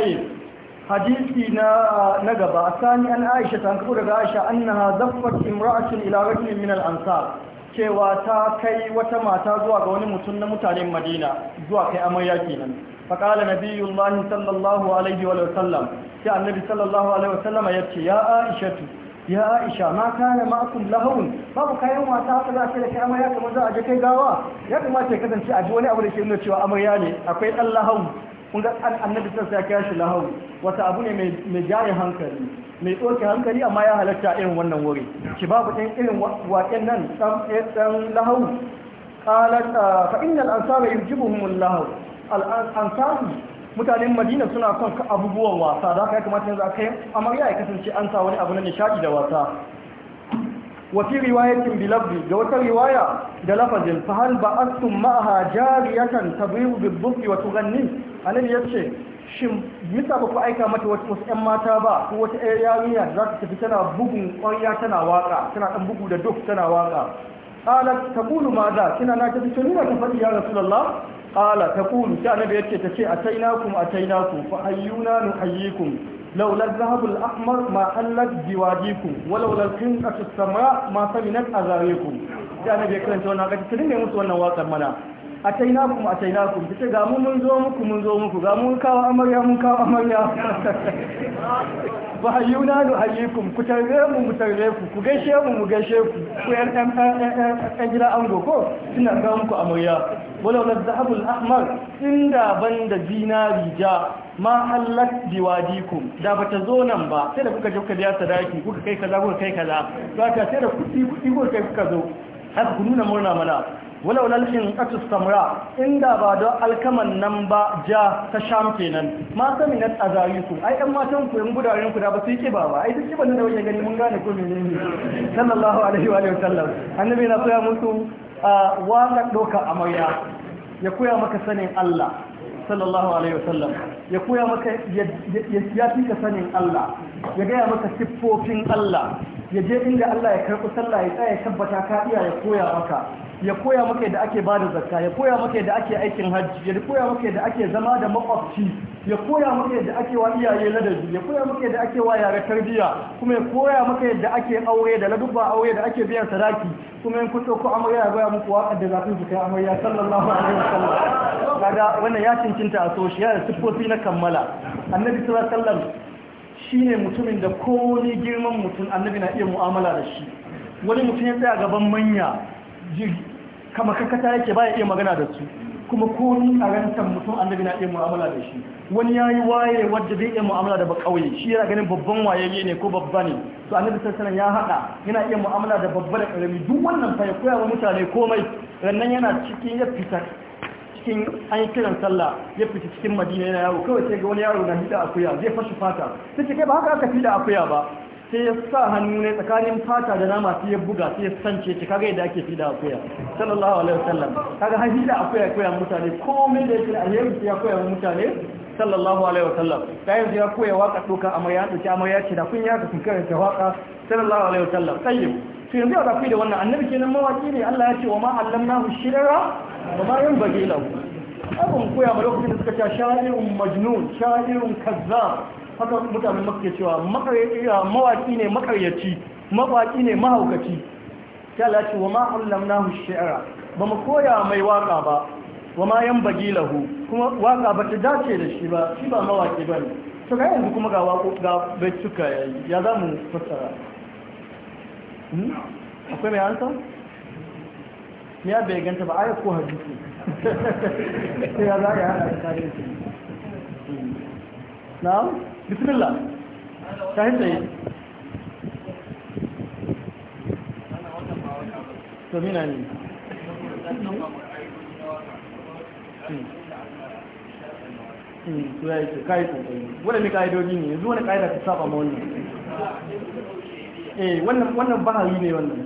ay hadisi na na gaba sani an aisha ta kabu daga aisha annaha zaffat imra'atin ila rajulin min al ansar cewa ta kai wata mata zuwa ga wani mutum na mutanen madina zuwa kai amarya kenan فقال نبي الله صلى الله عليه وسلم يا النبي صلى الله عليه وسلم يبكي يا عائشة يا عائشة ما كان معكم لهون ما بقى يوم واسعة لا شيء لك أما ياك مزا أجكي قاوا ياك ما تكذن شيء أجواني أولي شيء إنه شوى أمر يالي أقول اللهون kunga annabi sun sa kashi lahau wata abu ne mai jaye hankali mai tsoke hankali amma ya halatta irin wannan wuri ki babu ɗin irin waƙen nan ɗan lahau ƙalar fa innal ansara yujibuhumul lahau al'ansaru mutanen madina suna son abubuwan wasa za ka yi kamata yanzu a kai amarya ya kasance an sa wani abu na nishadi da wasa wasi riwayatin bilabdi da wata riwaya da lafazin fa hal sun ma'aha jariyatan tabiru bibbuki wa tuganni ya ce. shin misa ba ku aika mata wasu 'yan mata ba ko wata 'yan yarinya da za ta tafi tana bugun ƙwarya tana waka tana dan bugu da duk tana waka qalat taqulu ma za kina na tafi tuni ta faɗi ya rasulullah qala taqulu sai annabi yace tace a atainakum fa ayyuna nuhayyikum laula adh-dhahabu ahmar ma hallat biwadikum wa laula al-qinqatu as-samra ma saminat azarikum sai annabi ya karanta wannan kace tunne musu wannan waƙar mana atainakum atainakum kace ga mu mun zo muku mun zo muku ga mun kawo amarya mun kawo amarya ba hayuna nu hayikum ku tarbe mu mu tarbe ku ku gaishe mu mu gaishe ku ku yan ɗan ɗan gida go ko suna ga muku amarya wala wala zahabul ahmar inda ban da zinari ja ma halat biwadikum da bata zo nan ba sai da kuka je kuka biya sadaki kuka kai kaza kuka kai kaza zaka sai da kuɗi kuɗi kuka kai kuka zo haka ku nuna murna mana walau lalhin atu samra inda ba don alkaman nan ba ja ta sham kenan ma sami nan a ku ai ɗan matan ku yan gudaren ku da ba su yi kiba ba ai duk kiban da wajen gani mun gane ko ne. sallallahu alaihi wa sallam annabi na koya musu waƙar ɗaukar amarya ya koya maka sanin Allah sallallahu alaihi sallam. ya koya maka ya fi ka sanin Allah ya gaya maka siffofin Allah ya je inda Allah ya karɓi sallah ya tsaya tabbata ka iya ya koya maka ya koya maka yadda ake bada zakka ya koya maka yadda ake aikin hajji ya koya maka yadda ake zama da makwabci ya koya maka yadda ake wa iyaye ladabi ya koya maka yadda ake wa yare tarbiyya kuma ya koya maka yadda ake aure da ladubba aure da ake biyan sadaki kuma in kuto ko amarya ya goya muku waƙar da zafin su kai amarya sallallahu alaihi wasallam kaga wannan ya cincinta a so shi siffofi na kammala annabi sallallahu alaihi wasallam shine mutumin da komai girman mutum annabi na iya mu'amala da shi wani mutum ya tsaya gaban manya kama kakata yake baya iya magana da su kuma ko ni a rantar mutum annabi na iya mu'amala da shi wani ya yi waye wadda zai iya mu'amala da bakauye shi yana ganin babban waye ne ko babba ne to annabi sassanan ya haɗa yana iya mu'amala da babba da ƙarami duk wannan fa ya koya wa mutane komai rannan yana cikin ya fita cikin an yi kiran sallah ya fita cikin madina yana yaro kawai sai ga wani yaro na hida akuya zai fashi fata sai ce kai ba haka aka fi da akuya ba sai ya sa hannu ne tsakanin fata da nama sai ya buga sai ya sance ce kaga yadda ake fi da akuya sallallahu alaihi wasallam kaga har da akuya koya mutane komai da yake a alheri sai ya koya mutane sallallahu alaihi wasallam sai yanzu ya koya waka doka amarya amma ya ce da kun ya ka kare ta waka sallallahu alaihi wasallam tayyib to yanzu da ku da wannan annabi kenan mawaki ne Allah ya ce wa ma allamnahu shirra wa ma yanbaghi lahu abun koya ba lokacin da suka ta sha'irun majnun sha'irun kazzab haka mutanen maka cewa mawaki ne makaryaci mawaki ne mahaukaci ta lati wa ma'allam na shi'ara ba mu koya mai waka ba wa ma yan bagi lahu kuma waka ba ta dace da shi ba shi ba mawaki ba ne su ga yanzu kuma ga wako ga bai suka ya za mu fassara hmm? akwai mai hansa? ya bai ganta ba ayat ko hadisi sai ya za ya hada da tarihi hmm. na'am bismillah ta hmm. hmm, yi tsaye to ne yi kayi ne zuwa wani ƙa'ida ta saba ma wannan eh wannan bahari ne wannan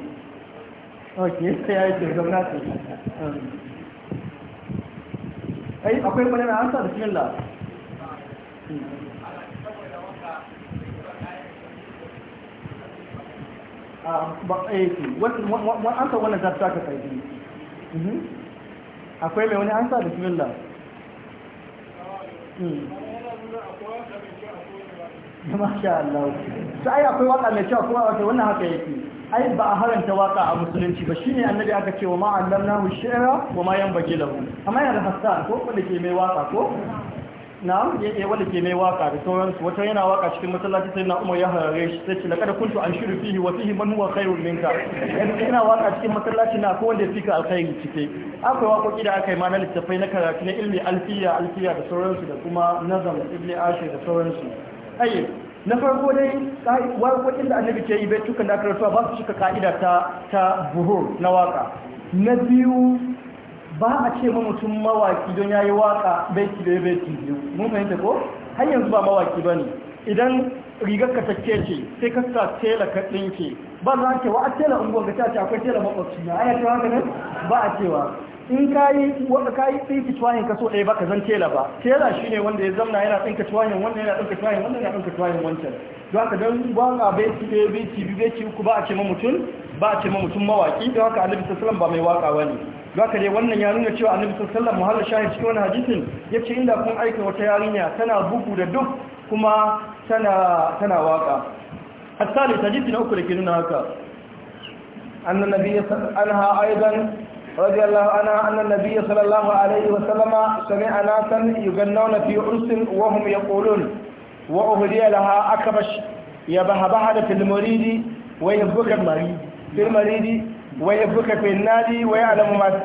ok ya yi ce na ce ai akwai wani na sa da cikin hmm. ba aiki an san wannan zata ka sai akwai mai wani an sa da bismillah masha Allah sai akwai waka mai cewa kuma wata wannan haka yake ai ba a haranta waka a musulunci ba shine annabi aka ce wa ma allamnahu shi'ra wa ma yanbaghi lahu amma yana da hassa ko wanda ke mai waka ko na ya yi wani ke mai waka da sauransu wata yana waka cikin masallaci sai na umar ya harare shi sai ce kada kuntu an shiru fihi wa fihi man huwa khairun minka yanzu yana waka cikin masallaci na ko wanda ya fika alkhairi cike akwai wako kida aka yi ma na littafai na karatu na ilmi alfiya alfiya da sauransu da kuma nazam ibn ashe da sauransu ayi na farko dai wako inda annabi ke yi bai tukan da aka rasuwa ba su cika ka'ida ta ta buhur na waka na biyu ba a ce ma mutum mawaki don ya yi waka baiti da baiti biyu mun fahimta ko har yanzu ba mawaki ba ne idan rigar ka take ce sai ka sa tela ka ɗinke ba za ka wa a tela unguwar ka tace akwai tela makwabci na aya cewa haka nan ba a cewa in ka yi ka yi tsinki tuwayin ka so ɗaya ba ka zan tela ba tela shi ne wanda ya zamna yana tsinka tuwayin wanda yana tsinka tuwayin wanda yana tsinka tuwayin wancan don haka don waka baiti ya baiti biyu baiti uku ba a ce ma mutum ba a ce ma mutum mawaki don haka annabi sallallahu ba mai waka ba ne zaka dai wannan ya nuna cewa annabi sallallahu alaihi wasallam muhalla shahid cikin wannan hadisin yace inda kun aika wata yarinya tana bugu da duk kuma tana tana waka asali hadisi na uku da ke nuna haka أن النبي عنها أيضا رضي الله عنها أن النبي صلى الله عليه وسلم سمع ناسا يغنون في عرس وهم يقولون وأهدي لها أكبش يبهبهد في المريد ويبكى المريد في المريد ويبكي في النادي ويعلم ما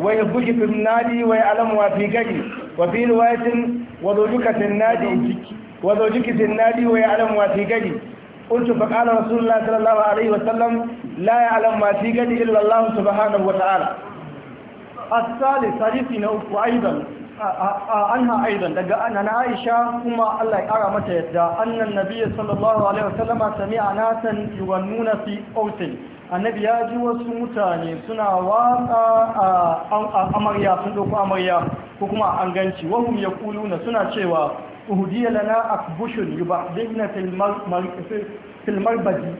ويبكي في النادي ويعلم ما في قلبي وفي رواية وزوجك في النادي وزوجك في النادي ويعلم ما في قلبي قلت فقال رسول الله صلى الله عليه وسلم لا يعلم ما في قلبي إلا الله سبحانه وتعالى الثالث حديث نوف أيضا anha aidan daga anana Aisha kuma Allah ya mata yadda annan nabiyyi sallallahu alaihi wasallama sami'a yuwannuna fi annabi ya ji wasu mutane suna watsa a amarya sun doko amarya ko kuma an ganci wahum yaquluna suna cewa uhudiya lana akbushun yubahdina fil mar fil marbadi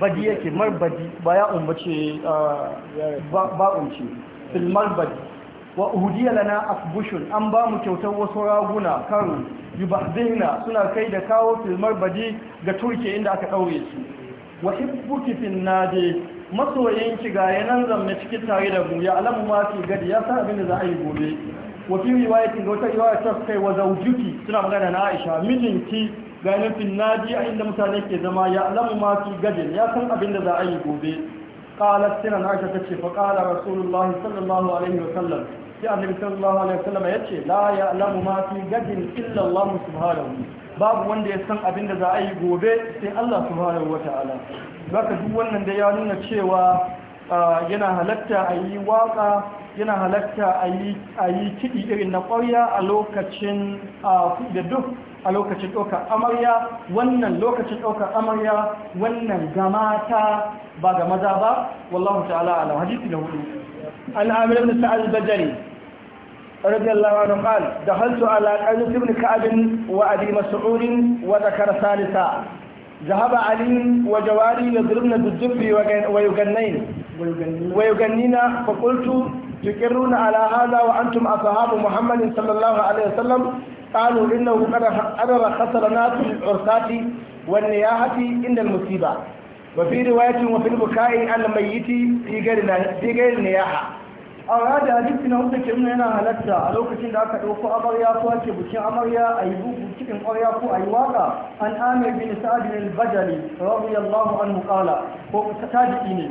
badi yake marbadi ba ya umbace ba umce fil marbadi wa uhudiya lana asbushun an ba mu kyautar wasu raguna karu yubahdina suna kai da kawo filmar badi ga turke inda aka ɗaure su wa hibbuki fin masoyin masoyinki ga yanan zamme cikin tare da mu ya alamu ma fi gadi ya san abin da za a yi gobe wa fi riwayatin da wata riwaya ta kai wa zaujuki suna magana na Aisha mijinki ga yanan fin nadi a inda mutane ke zama ya alamu ma fi gadi ya san abin da za a yi gobe قالت سنن عائشة تشي فقال رسول الله صلى الله عليه babu wanda ya san abin da za a yi gobe sai Allah subhanahu zaka duk wannan da ya nuna cewa yana halatta a yi waka yana halatta a yi kiɗi irin na ƙwarya a lokacin da duk a lokacin ɗaukar amarya wannan lokacin ɗaukar amarya wannan ga ba ga maza ba wallahu ta'ala ala hadisi da hudu an amir ibn sa'ad bajari radiyallahu anhu qala dakhaltu ala qanus ibn ka'ab wa abi mas'ud wa dhakara salisa ذهب علي وجواري يضربن بالدب ويغنين ويغنين فقلت تقرون على هذا وأنتم أصحاب محمد صلى الله عليه وسلم قالوا إنه قدر خسرنات العرسات والنياحة عند المصيبة وفي رواية وفي البكاء على الميت في غير في غير النياحة a rada hadisi na wanda ke nuna yana halatta a lokacin da aka ɗauko amarya ko ake bikin amarya a yi bugu ƙwarya ko a yi waka an amir bin sa'ad bin bajali radiyallahu anhu qala ko tabi'i ne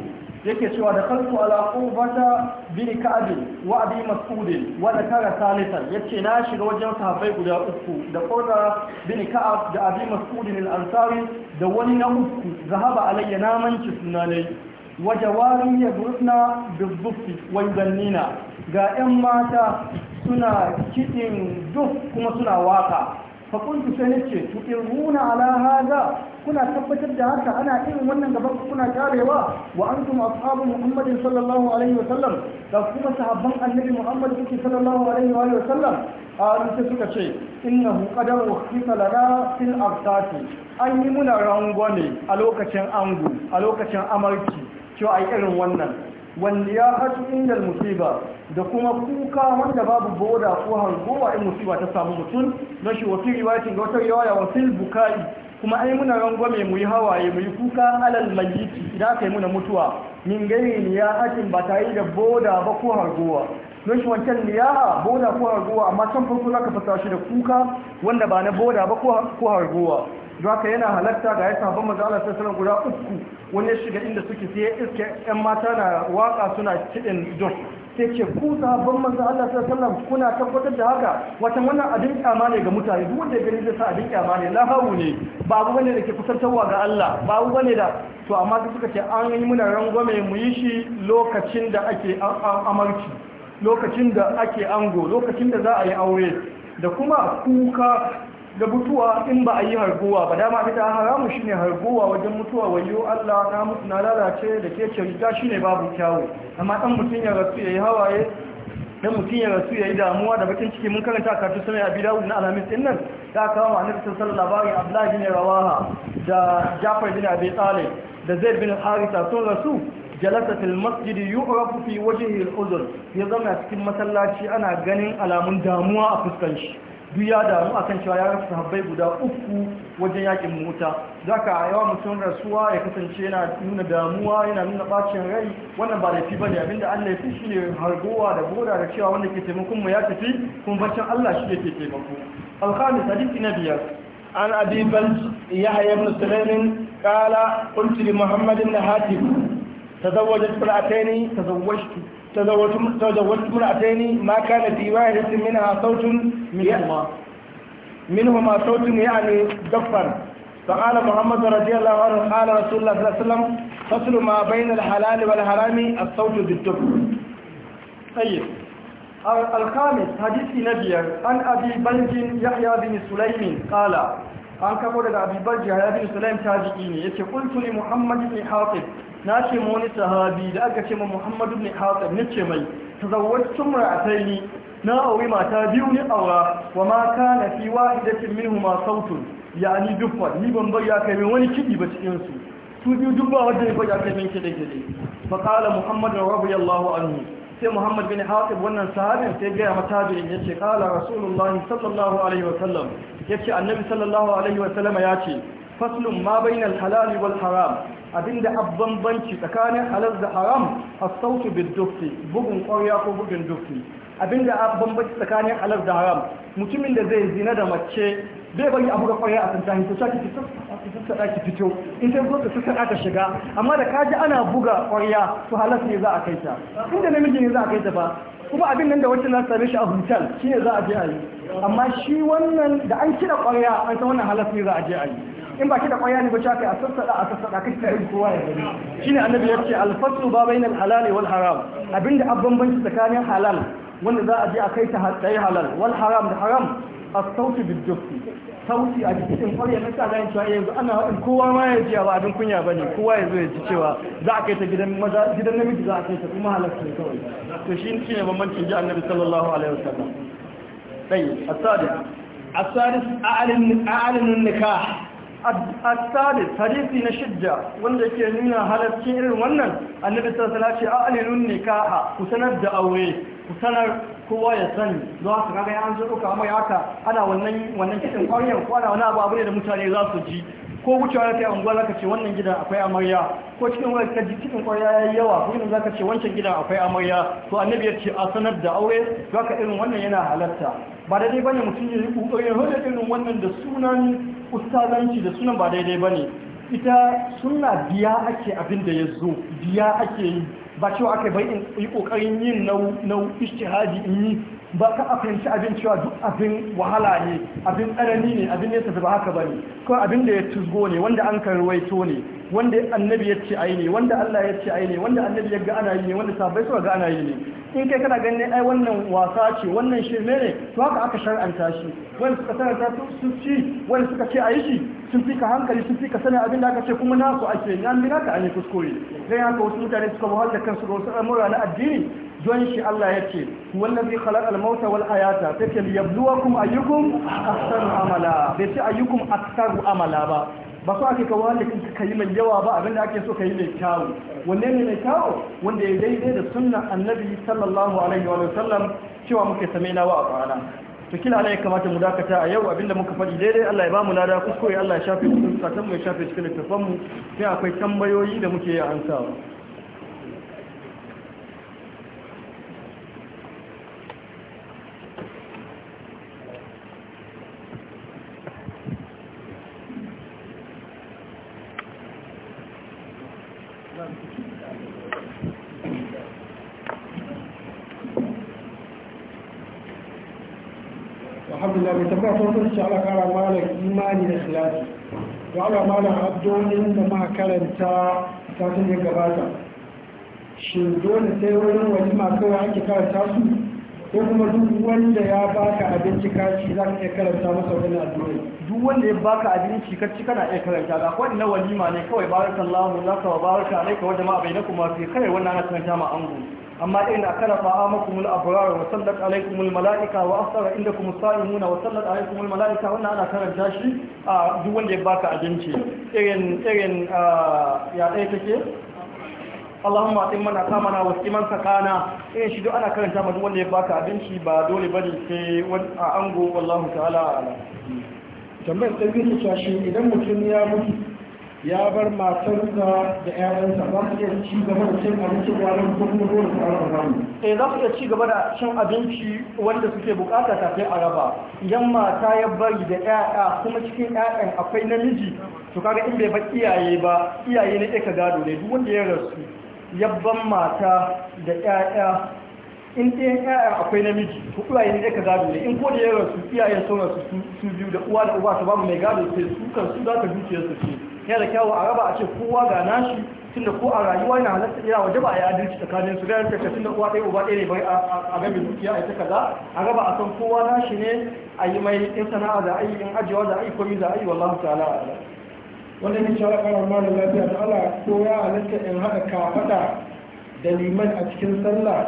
yake cewa da kalku ala qubata bin ka'abin wa abi wanda kara dakara ya ce na shiga wajen sahabbai guda uku da qurra bin ka'ab da abi mas'ud al da wani na uku zahaba alayya na namanci sunanai wa jawari yabruna bizzufi wa yudannina ga 'yan mata suna kiɗin duk kuma suna waka fakuntu sai nace tuqiruna ala hada kuna tabbatar da haka ana irin wannan gaban kuna karewa wa antum ashabu muhammadin sallallahu alaihi da kuma sahabban annabi muhammad kuke sallallahu alaihi wa sallam qalu sai suka ce innahu qad ukhfifa lana fil aqtati an yi muna rangwame a lokacin angu a lokacin amarki cewa ai irin wannan والنياحة inda المصيبة da kuma kuka wanda babu boda ko hargowa in musiba ta samu mutum don shi wafi riwayatin ga wata riwaya wa fil bukai kuma ai muna rangwame mu yi hawaye mu yi kuka alal mayyiti idan aka yi muna mutuwa min gairi niyahatin ba yi da boda ba ko hargowa don shi wancan niyaha boda ko hargowa amma can farko ka fasa shi da kuka wanda ba na boda ba ko hargowa haka yana halatta ga ya sabon manzo Allah sanar guda uku wani ya shiga inda suke sai iske yan mata na waka suna kiɗin don sai ke ku sabon manzo Allah sanar kuna tabbatar da haka watan wannan abin kyama ne ga mutane duk wanda ya gani zai sa abin kyama ne hawu ne babu bane da ke kusantarwa ga Allah babu bane da to amma duk suka ce an yi muna rangwame mu yi shi lokacin da ake amarci lokacin da ake ango lokacin da za a yi aure da kuma kuka da mutuwa in ba a yi harguwa ba dama ita haramu ne harguwa wajen mutuwa wayo Allah na mutu na lalace da ke shi ne babu kyawu amma dan mutun ya rasu yayi hawaye dan mutun ya rasu yi damuwa da bakin ciki mun karanta karatu ya Abi Dawud na Alhamis din nan da kawo Annabi sallallahu alaihi wasallam Abdullah bin Rawaha da Jafar bin Abi Talib da Zaid bin Haritha sun rasu jalasa fil masjid yu'rafu fi wajhi al ya zama cikin masallaci ana ganin alamun damuwa a fuskar shi duk ya damu akan cewa ya rasa habbai guda uku wajen yakin mota zaka ka yawa mutum rasuwa ya kasance yana nuna damuwa yana nuna bacin rai wannan ba laifi bane abinda Allah ya fi shine hargowa da goda da cewa wanda ke taimakon mu ya tafi kuma bacin Allah shi ke taimako al-khamis hadisi na biyar an abi bal yahya ibn sulaym qala qultu li muhammad تزوجت امرأتين تزوجت تزوجت تزوجت امرأتين ما كان في واحدة منها صوت منهما منهما صوت يعني دفا فقال محمد رضي الله عنه قال رسول الله صلى الله عليه وسلم فصل ما بين الحلال والحرام الصوت بالدفع طيب الخامس حديث نبي عن ابي بلج يحيى بن سليم قال an kamo daga abubuwan jihar bin sulaim tabi'i ne yace qultu li muhammad ibn hatib na ce ma wani sahabi da aka ce ma muhammadu ne na ce mai tazawar sumra a taini na auri mata biyu ni aura wa ma na fi wahidatin minhu ma sautun ni dubba ni ban bar ya kai wani kidi ba cikin su su biyu duk ba wanda ya bar kai min kidi kidi fa qala muhammad yallahu anhu sai muhammad bin hatib wannan sahabin sai ga mata biyu ce, qala rasulullahi sallallahu alaihi wa sallam yace annabi sallallahu alaihi wa sallama yace faslun ma bainal halali wal haram abinda abban banci tsakanin halal da haram as-sautu bin dufti bugun ƙwarya ko bugun dufti abinda abban banci tsakanin halal da haram mutumin da zai zina da mace bai bari abu ga ƙwarya a tsantahi to saki fito a ki fito in ta zo ka sassaɗa ka shiga amma da kaji ana buga ƙwarya to halal ne za a kai ta inda namiji ne za a kai ta ba kuma abin nan da wancan na same shi a hotel shi ne za a je a yi amma shi wannan da an kira ƙwarya an san wannan halas ne za a je a yi in ba kira kwarya ne ba cewa kai a sassaɗa a sassaɗa kai ta yin kowa ya gani shi ne annabi ya ce alfasu ba bai nan halal wal haram da abban bambanci tsakanin halal wanda za a je a kai ta tsaye halal wal haram da haram a sauti biddufi sauti a jikin kwarya na sa zai cewa eh, yanzu ana haɗin kowa ma ya ji ba abin kunya ba ne kowa ya zo ya ci cewa za a kai ta gidan maza gidan namiji za a kai ta kuma halatta ne kawai to shi shi ne bambancin ji annabi sallallahu alaihi wasallam sai asadi asadi a'lanun nikah Hadisi na shidda wanda ke nuna halarcin irin wannan annabi sallallahu alaihi wasallam ce a'linun nikaha ku sanar da aure ku sanar kowa ya sani don haka kaga an zo ka amma haka ana wannan wannan kitin kwaryan ko ana wani abu abu ne da mutane za su ji ko wucewa ta unguwa zaka ce wannan gidan akwai amarya ko cikin wani kaji cikin kwarya ya yi yawa ko yanzu zaka ce wancan gidan akwai amarya to annabi ya ce a sanar da aure zaka irin wannan yana halarta. ba daidai bane mutum ya yi kokarin hoda irin wannan da sunan ustazanci da sunan ba daidai bane ita sunna biya ake abin da ya zo biya ake yi ba cewa aka bai in yi kokarin yin nau nau ishtihadi in yi ba ka a fahimci abin cewa duk abin wahala ne abin tsanani ne abin ne tafi ba haka ba ne kawai abin da ya tuzgo ne wanda an karwaito ne wanda annabi ya ce ai ne wanda Allah ya ce ai ne wanda annabi ya ga ana yi ne wanda sabai suka ga ana yi ne in kai kana ganin ai wannan wasa ce wannan shirme ne to haka aka shar'anta shi wanda suka sanata su ci wanda suka ce ayi shi sun fi ka hankali sun fi ka sanin abin da aka ce kuma nasu ake yi na bi naka an yi kuskure zai haka wasu mutane suka da kansu ga wasu al'amura na addini don shi Allah ya ce wallazi khalaqal mauta wal hayata take liyabluwakum ayyukum ahsanu amala bai ce ayyukum aktaru amala ba ba so ake kawo wanda ka yi mai yawa ba abinda ake so ka yi mai kyawu wanne ne mai kyawu wanda ya daidai da sunnan annabi sallallahu alaihi wa sallam cewa muke same na wa a kwana to kila ne kamata mu dakata a yau abinda muka faɗi daidai Allah ya ba mu lada kuskure Allah ya shafe mu satan mu ya shafe cikin littafan mu sai akwai tambayoyi da muke yi ansawa tambaya ta wata ce ala kara malam imani da ikhlasi to ala malam addu'o'in da ma karanta ta sun yi gabata shin dole sai wurin wani ma kawai ake karanta su ko kuma duk wanda ya baka abinci ka ci za ka iya karanta masa wani addu'o'i duk wanda ya baka abinci ka ci kana iya karanta ga kawai na walima ne kawai barakallahu laka wa baraka alaika wa jama'a bainakum wa fi khair wannan ana karanta ma ango mala'ika. Wa asara طعامكم الأبرار وسلت عليكم الملائكة وأفطر عندكم الصائمون ana عليكم الملائكة وأنا duk wanda ya baka abinci. Irin إرن إرن يا إيه Allahun matsin mana samana wasu iman sakana irin shi duk ana karanta madu wanda ya baka abinci ba dole ba ne sai a ango wallahu ta'ala ala. Tambayar ɗan gini shi idan mutum ya mutu ya bar matarsa da ‘ya'yansa ba su iya ci gaba da cin abinci ranar ko kuma dole su araba zamu. Eh za su iya ci gaba da cin abinci wanda suke bukata kafin raba. Idan mata ya bari da ‘ya'ya kuma cikin ‘ya'yan akwai namiji to kaga in bai bar iyaye ba iyaye na ka gado ne duk wanda ya rasu yabban mata da ‘ya'ya in ɗayan ‘ya'yan akwai namiji to iyaye na ɗaya ka gado ne in ko da ya rasu iyayen sun rasu su biyu da uwa da uba su babu mai gado sai su kan su za ka su ce. yana da kyawu a raba a ce kowa ga nashi tun da ko a rayuwa yana halatta yana waje ba a yi adalci tsakanin su gayar kacce tun da kowa ɗaya uba ɗaya ne bai a game dukiya a ta kaza a raba a san kowa nashi ne a yi mai sana'a da a yi in ajiyewa da a yi komi da a yi wallahu ta'ala a ala wanda ne shawar lafiya da ala ko ya halatta in haɗa kafaɗa da liman a cikin sallah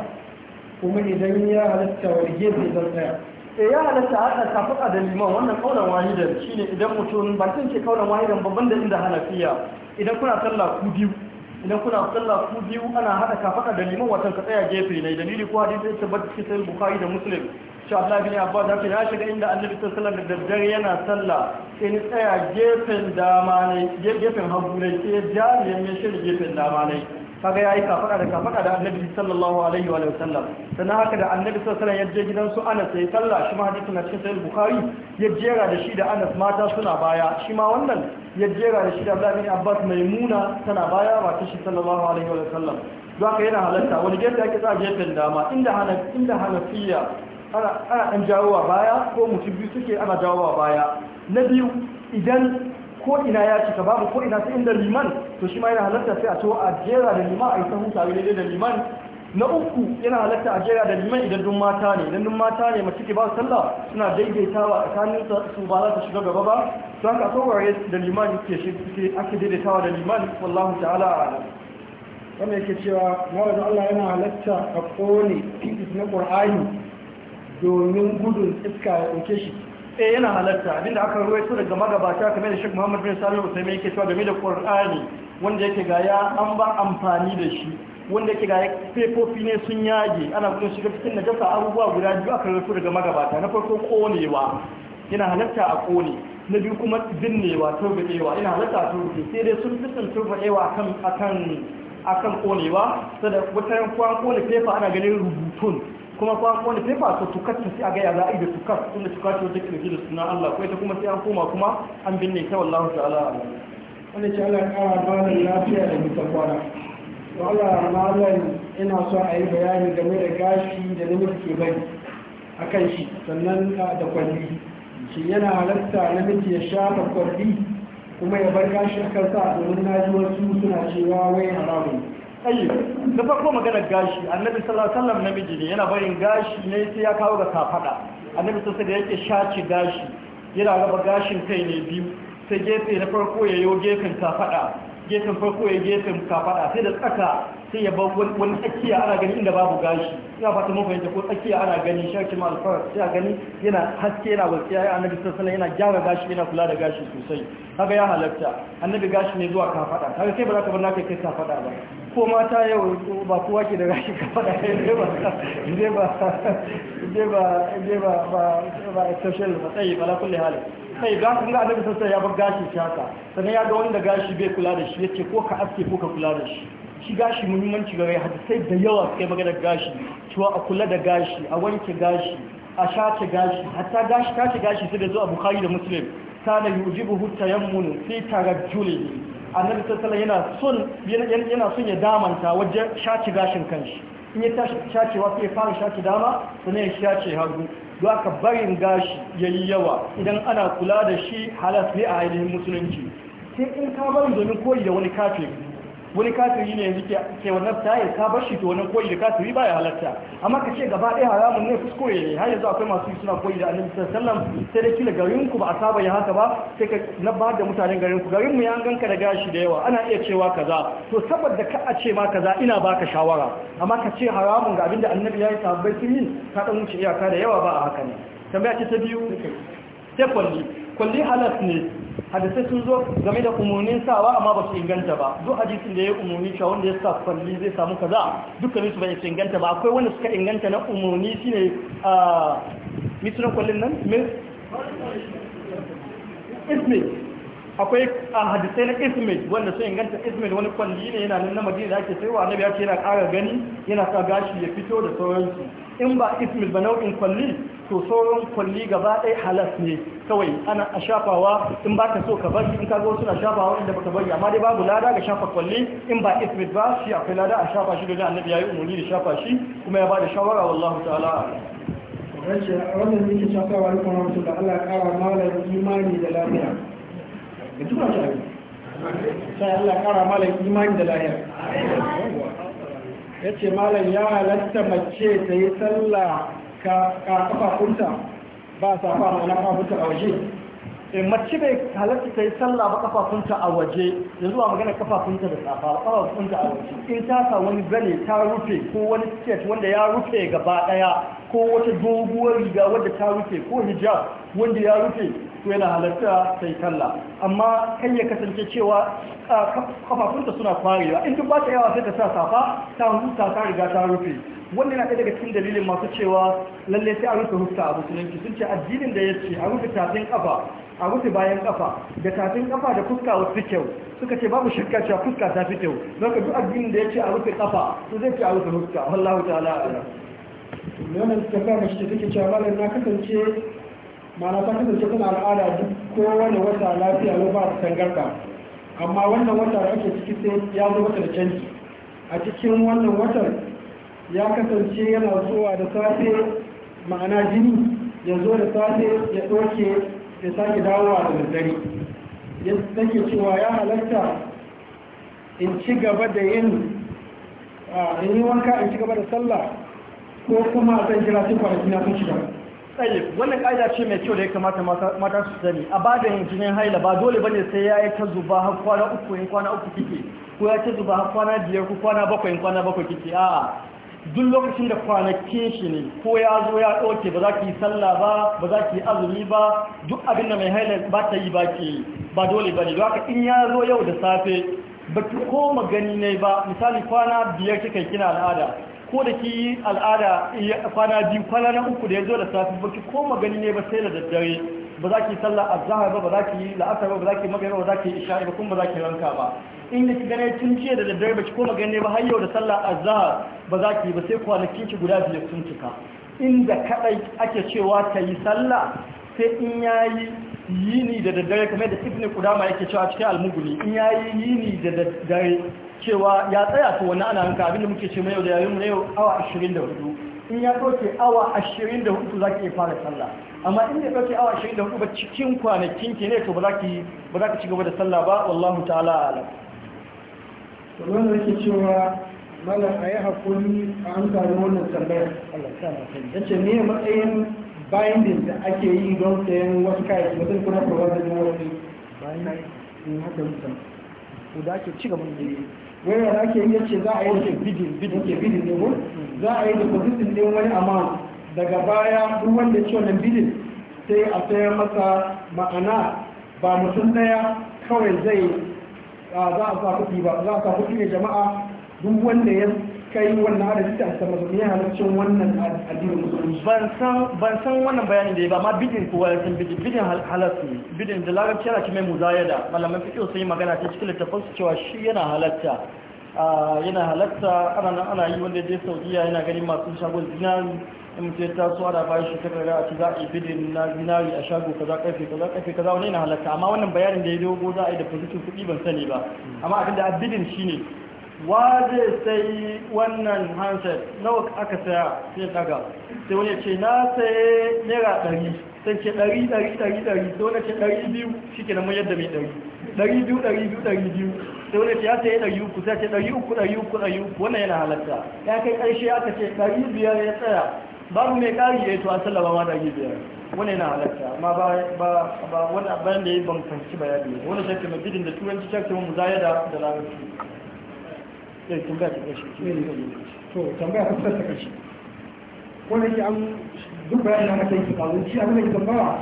kuma idan ya halatta warge zai zan e ya halatta haɗa kafaɗa da liman wannan kaunan wahidan shine idan mutum ba sun ce kaunar wahidan babban da inda hanafiya idan kuna sallah ku biyu idan kuna sallah ku biyu ana haɗa kafaɗa da liman watan ka tsaya gefe ne dalili ko hadisi ya tabbata cikin sahih bukhari da muslim shi Allah bin Abbas ya na shiga inda Annabi sallallahu alaihi da daddare yana sallah sai ni tsaya gefen dama ne hagu ne sai jariyan ya shirin gefen dama ne kaga yayi kafada da kafada da annabi sallallahu alaihi wa sallam sannan haka da annabi sallallahu alaihi wa sallam gidan su Anas sai sallah shi ma hadisin cikin sahih bukhari ya jera da shi da Anas mata suna baya shi ma wannan ya jera da shi da Abdullah bin Abbas maimuna tana baya mata shi sallallahu alaihi wa sallam Don haka yana halatta wani gefe ake tsaya gefen dama inda hana inda hanafiya ana ana dan jawowa baya ko mutum biyu suke ana jawowa baya na biyu idan koina ina ya cika babu ko ina sai inda liman to shi ma yana halatta sai a ciwo a jera da liman a yi ta tare daidai da liman na uku yana halatta a jera da liman idan dun mata ne idan dun mata ne mace ke ba sallah suna daidaitawa a tsakanin su ba za ta shiga gaba ba to haka saurare da liman ke shi ake daidaitawa da liman wallahu ta'ala Wannan wanda yake cewa mawada Allah yana halatta a kone titis na Ƙur'ani domin gudun iska ya ɗauke shi eh yana halatta abinda aka ruwaito daga magabata kamar da Sheikh Muhammad bin Salih Usaimi yake cewa game da Qur'ani wanda yake ga ya an ba amfani da shi wanda yake ga fefofi ne sun yage ana kuma shiga cikin najasa abubuwa guda biyu aka ruwaito daga magabata na farko konewa yana halatta a kone na biyu kuma binnewa turbaɗewa yana halatta a turbaɗe sai dai sun fi son turbaɗewa akan akan akan konewa saboda wata ran kwan kone fefa ana ganin rubutun kuma kwa wani paper su tukatun su a gaya za a yi da tukar tunda tukat wata kirki da suna Allah ko ita kuma sai an koma kuma an binne ta wallahu ta'ala Allah wanda ce Allah kara da lafiya da mutan kwana to Allah malam ina so a yi bayani game da gashi da namiji ke bari kan shi sannan ah, da kwalli shi yana halatta namiji ya shafa kwalli kuma ya bar gashi kan sa domin na ji wasu suna cewa wai haramun tsayi da farko magana gashi annabi sallallahu alaihi wasallam namiji ne yana barin gashi ne sai ya kawo ga safada annabi sallallahu da yake shaci gashi yana raba gashin kai ne biyu sai gefe na farko ya yo gefen safada gefen farko ya gefen safada sai da tsaka sai ya bar wani tsakiya ana gani inda babu gashi ina fata mun fahimta ko tsakiya ana gani shaki ma alfar sai a gani yana haske yana wasiya ya annabi sallallahu alaihi yana gyara gashi yana kula da gashi sosai kaga ya halatta annabi gashi ne zuwa kafada kaga sai ba za ka bar naka kai kafada ba ko mata yau ba kowa ke da gashi kafa da zai ba zai ba ba zai ba ba ba hali sai ba kun ga annabi sassa ya bar gashi haka sannan ya ga wanda gashi bai kula da shi ya ce ko ka aske ko ka kula da shi shi gashi muhimmanci ga hada sai da yawa kai maganar gashi cewa a kula da gashi a wanke gashi a shace gashi hatta gashi tace gashi sai da zo a bukhari da muslim kana yujibu sai fi tarajjulihi annabi sallallahu yana son yana son ya damanta wajen shaci gashin kanshi in ya tashi shacewa sai ya fara shaci dama su ya shaci hagu don aka barin gashi yayi yawa idan ana kula da shi halas ne a ainihin musulunci sai in ka bari domin koyi da wani kafin wani kafiri ne yanzu ke wannan tayar ka bar shi to wannan koyi da kafiri ba ya halatta amma ka ce gaba ɗaya haramun ne kuskure ne har yanzu akwai masu suna koyi da annabi sallallahu alaihi sai da kila garin ku ba a saba ya haka ba sai ka na da mutanen garin ku garin mu ya ganka da gashi da yawa ana iya cewa kaza to saboda ka a ce ma kaza ina baka shawara amma ka ce haramun ga abinda annabi ya yi sahabbai sun yi ka dan wuce iyaka da yawa ba a haka ne tambaya ce ta biyu sai kwalli kwalli halas ne hadisai sun zo game da umarnin sawa amma ba su inganta ba duk hadisin da ya umarni cewa wanda ya sa kwalli zai samu kaza dukkanin su bai su inganta ba akwai wanda suka inganta na umarni shine a mitunan kwallin nan ismi akwai hadisai na ismail wanda sun inganta ismail wani kwalli ne yana nan na madina da ake saiwa annabi ya ce yana kara gani yana sa gashi ya fito da sauransu in ba ismail ba nau'in kwalli to sauran kwalli gaba ɗaya halas ne kawai ana a shafawa in ba ka so ka bari in ka zo suna shafawa inda baka bari amma dai babu lada ga shafa kwalli in ba ismail ba shi akwai lada a shafa shi dole annabi ya yi umarni da shafa shi kuma ya ba da shawara wallahu ta'ala wannan ke shafawa rikon hamsu da Allah ya kara malamin imani da lafiya ka tura shi abin sai Allah kara malam imani da lahira ya ce malam ya halatta mace ta yi sallah ka kafafunta ba sa ma na kafafunta a waje eh, mace bai halatta ta yi sallah ba kafafunta a waje da zuwa magana kafafunta da safa ba kafafunta a waje in ta sa wani zane ta rufe ko wani skirt wanda ya rufe gaba daya ko wata doguwar riga wadda ta rufe ko hijab wanda ya rufe to yana halatta sai kalla amma kan ya kasance cewa kafafunta suna farewa in duk ba ta yawa sai ta sa safa ta huta ta riga ta rufe wannan yana daga cikin dalilin masu cewa lalle sai a rufe hufta a musulunci sun ce addinin da ya ce a rufe tafin kafa a rufe bayan kafa da tafin kafa da fuska wasu kyau suka ce babu shakka cewa fuska ta fi kyau don ka duk addinin da ya ce a rufe kafa to zai ce a rufe hufta wallahu ta'ala a'lam. Yana da kama shi ta take cewa malam na kasance mana ta kasance tana al'ada duk kowane wata lafiya ba ta tangarta amma wannan wata da ake ciki sai ya zo da canji a cikin wannan watan ya kasance yana zuwa da safe ma'ana jini ya zo da safe ya ɗauke ya sake dawowa da daddare ya take cewa ya halarta in ci gaba da yin a ah, yi wanka in ci gaba da sallah ko kuma zan jira sai kwanaki na sun shiga tsaye wannan ƙa'ida ce mai kyau da ya kamata mata su sani a bada jinin haila ba dole bane sai ya yi ta zuba har kwana uku in kwana uku kike ko ya ce zuba har kwana biyar ko kwana bakwai in kwana bakwai kike a'a duk lokacin da kwanakin shi ne ko ya zo ya ɗauke ba za ki yi sallah ba ba za ki yi azumi ba duk abin da mai haila ba ta yi ba ke ba dole ba ne haka in ya zo yau da safe ba ki koma gani ne ba misali kwana biyar kika kina al'ada ko da ki al'ada eh, kwana biyu kwana na uku da ya zo da safi ba ki koma gani ne ba sai da daddare ba za ki sallah azhar ba ba za ki yi la'asar ba ba za ki magana ba za ki isha'i ba kuma ba za ki ranka ba da ki gane tun jiya da daddare ba ki koma gani ne ba har yau da sallah azhar ba za ki yi ba sai kwanakin ki guda biyu sun cika inda kadai ake cewa ta yi sallah sai in yayi yini da daddare kamar da ibnu qudama yake cewa cikin almuguni in yayi yini da daddare cewa ya tsaya su wani ana hanka abinda muke ce mai yau da yayin na yau awa 24 in ya ɗauke awa 24 za ki iya fara sallah amma in ya ɗauke awa 24 ba cikin kwanakin ke ne to ba za ki ba za ki ci gaba da sallah ba wallahu ta'ala alam to nan yake cewa mala ayi hakuri a an samu wannan tambayar Allah ta mutane yace ne matsayin binding da ake yi don sayan wasu kayayyaki mutum kuna provider ne wasu bayan eh, haka mutum to da ake ci gaba da yi. wani a ake iya ce za a yi da bidin bidin ke bidin ne za a yi da kwasitin ɗin wani amma daga baya duk wanda ya ce wannan bidin sai a sayar masa ma'ana ba mutum ɗaya kawai zai za a sa kuɗi ba za a sa kuɗi ne jama'a duk wanda ya kai wannan adadi da sama masa ne halaccin wannan addinin ban san ban san wannan bayanin da ya ba ma bidin ko ya san bidin bidin halattu bidin da larabci yana kimai muzayada malaman fiqh sun yi magana ta cikin littafin su cewa shi yana halatta yana halatta ana nan ana yi wanda ya Saudiya yana ganin masu shagon zinari in mutum ta so ana bayan shi ta takarda a ci za a yi bidin na zinari a shago kaza karfe kaza karfe kaza wani yana halatta amma wannan bayanin da ya dogo za a yi da fasikin kuɗi ban sani ba amma abinda a bidin shine wa zai sai wannan hanset nawa aka saya sai daga sai wani ce na saye naira ɗari sai ce ɗari ɗari ɗari ɗari sai wani ce ɗari biyu shi ke nan yadda mai ɗari ɗari biyu ɗari biyu ɗari biyu sai wani ce ya saye ɗari uku sai ce ɗari uku ɗari uku ɗari uku wannan yana halatta ya kai ƙarshe aka ce ɗari biyar ya tsaya babu mai ƙari ya eh, yi to an sallama ma ɗari biyar wani yana halatta amma ba ba wani bayan da ya yi ban fahimci bayani wani shakka mai bidin da turanci shakka mu zaya da larabci sai eh, tambaya ta kashi eh, to tambaya ta ta kashi wannan ya an duk bayanin da kai ka zo ci abin da tambaya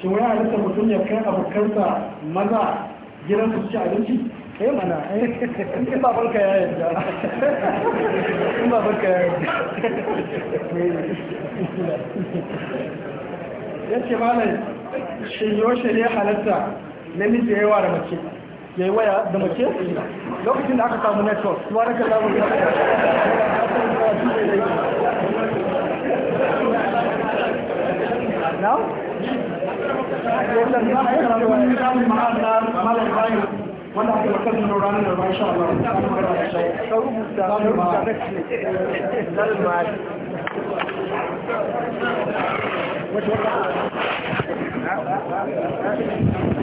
shin wai halitta mutum ya kai abokansa maza gidan su ci abinci eh mana eh, in ba barka ya yarda in ba barka ya yarda yace malam shin yoshe ne halatta namiji wa da mace ya yi waya da mace lokacin da aka samu network tuwa na kalla mu now wanda aka yi kan nuna ranar da ba insha Allah ta magana da shi ta rubuta ta rubuta next week وش وقع؟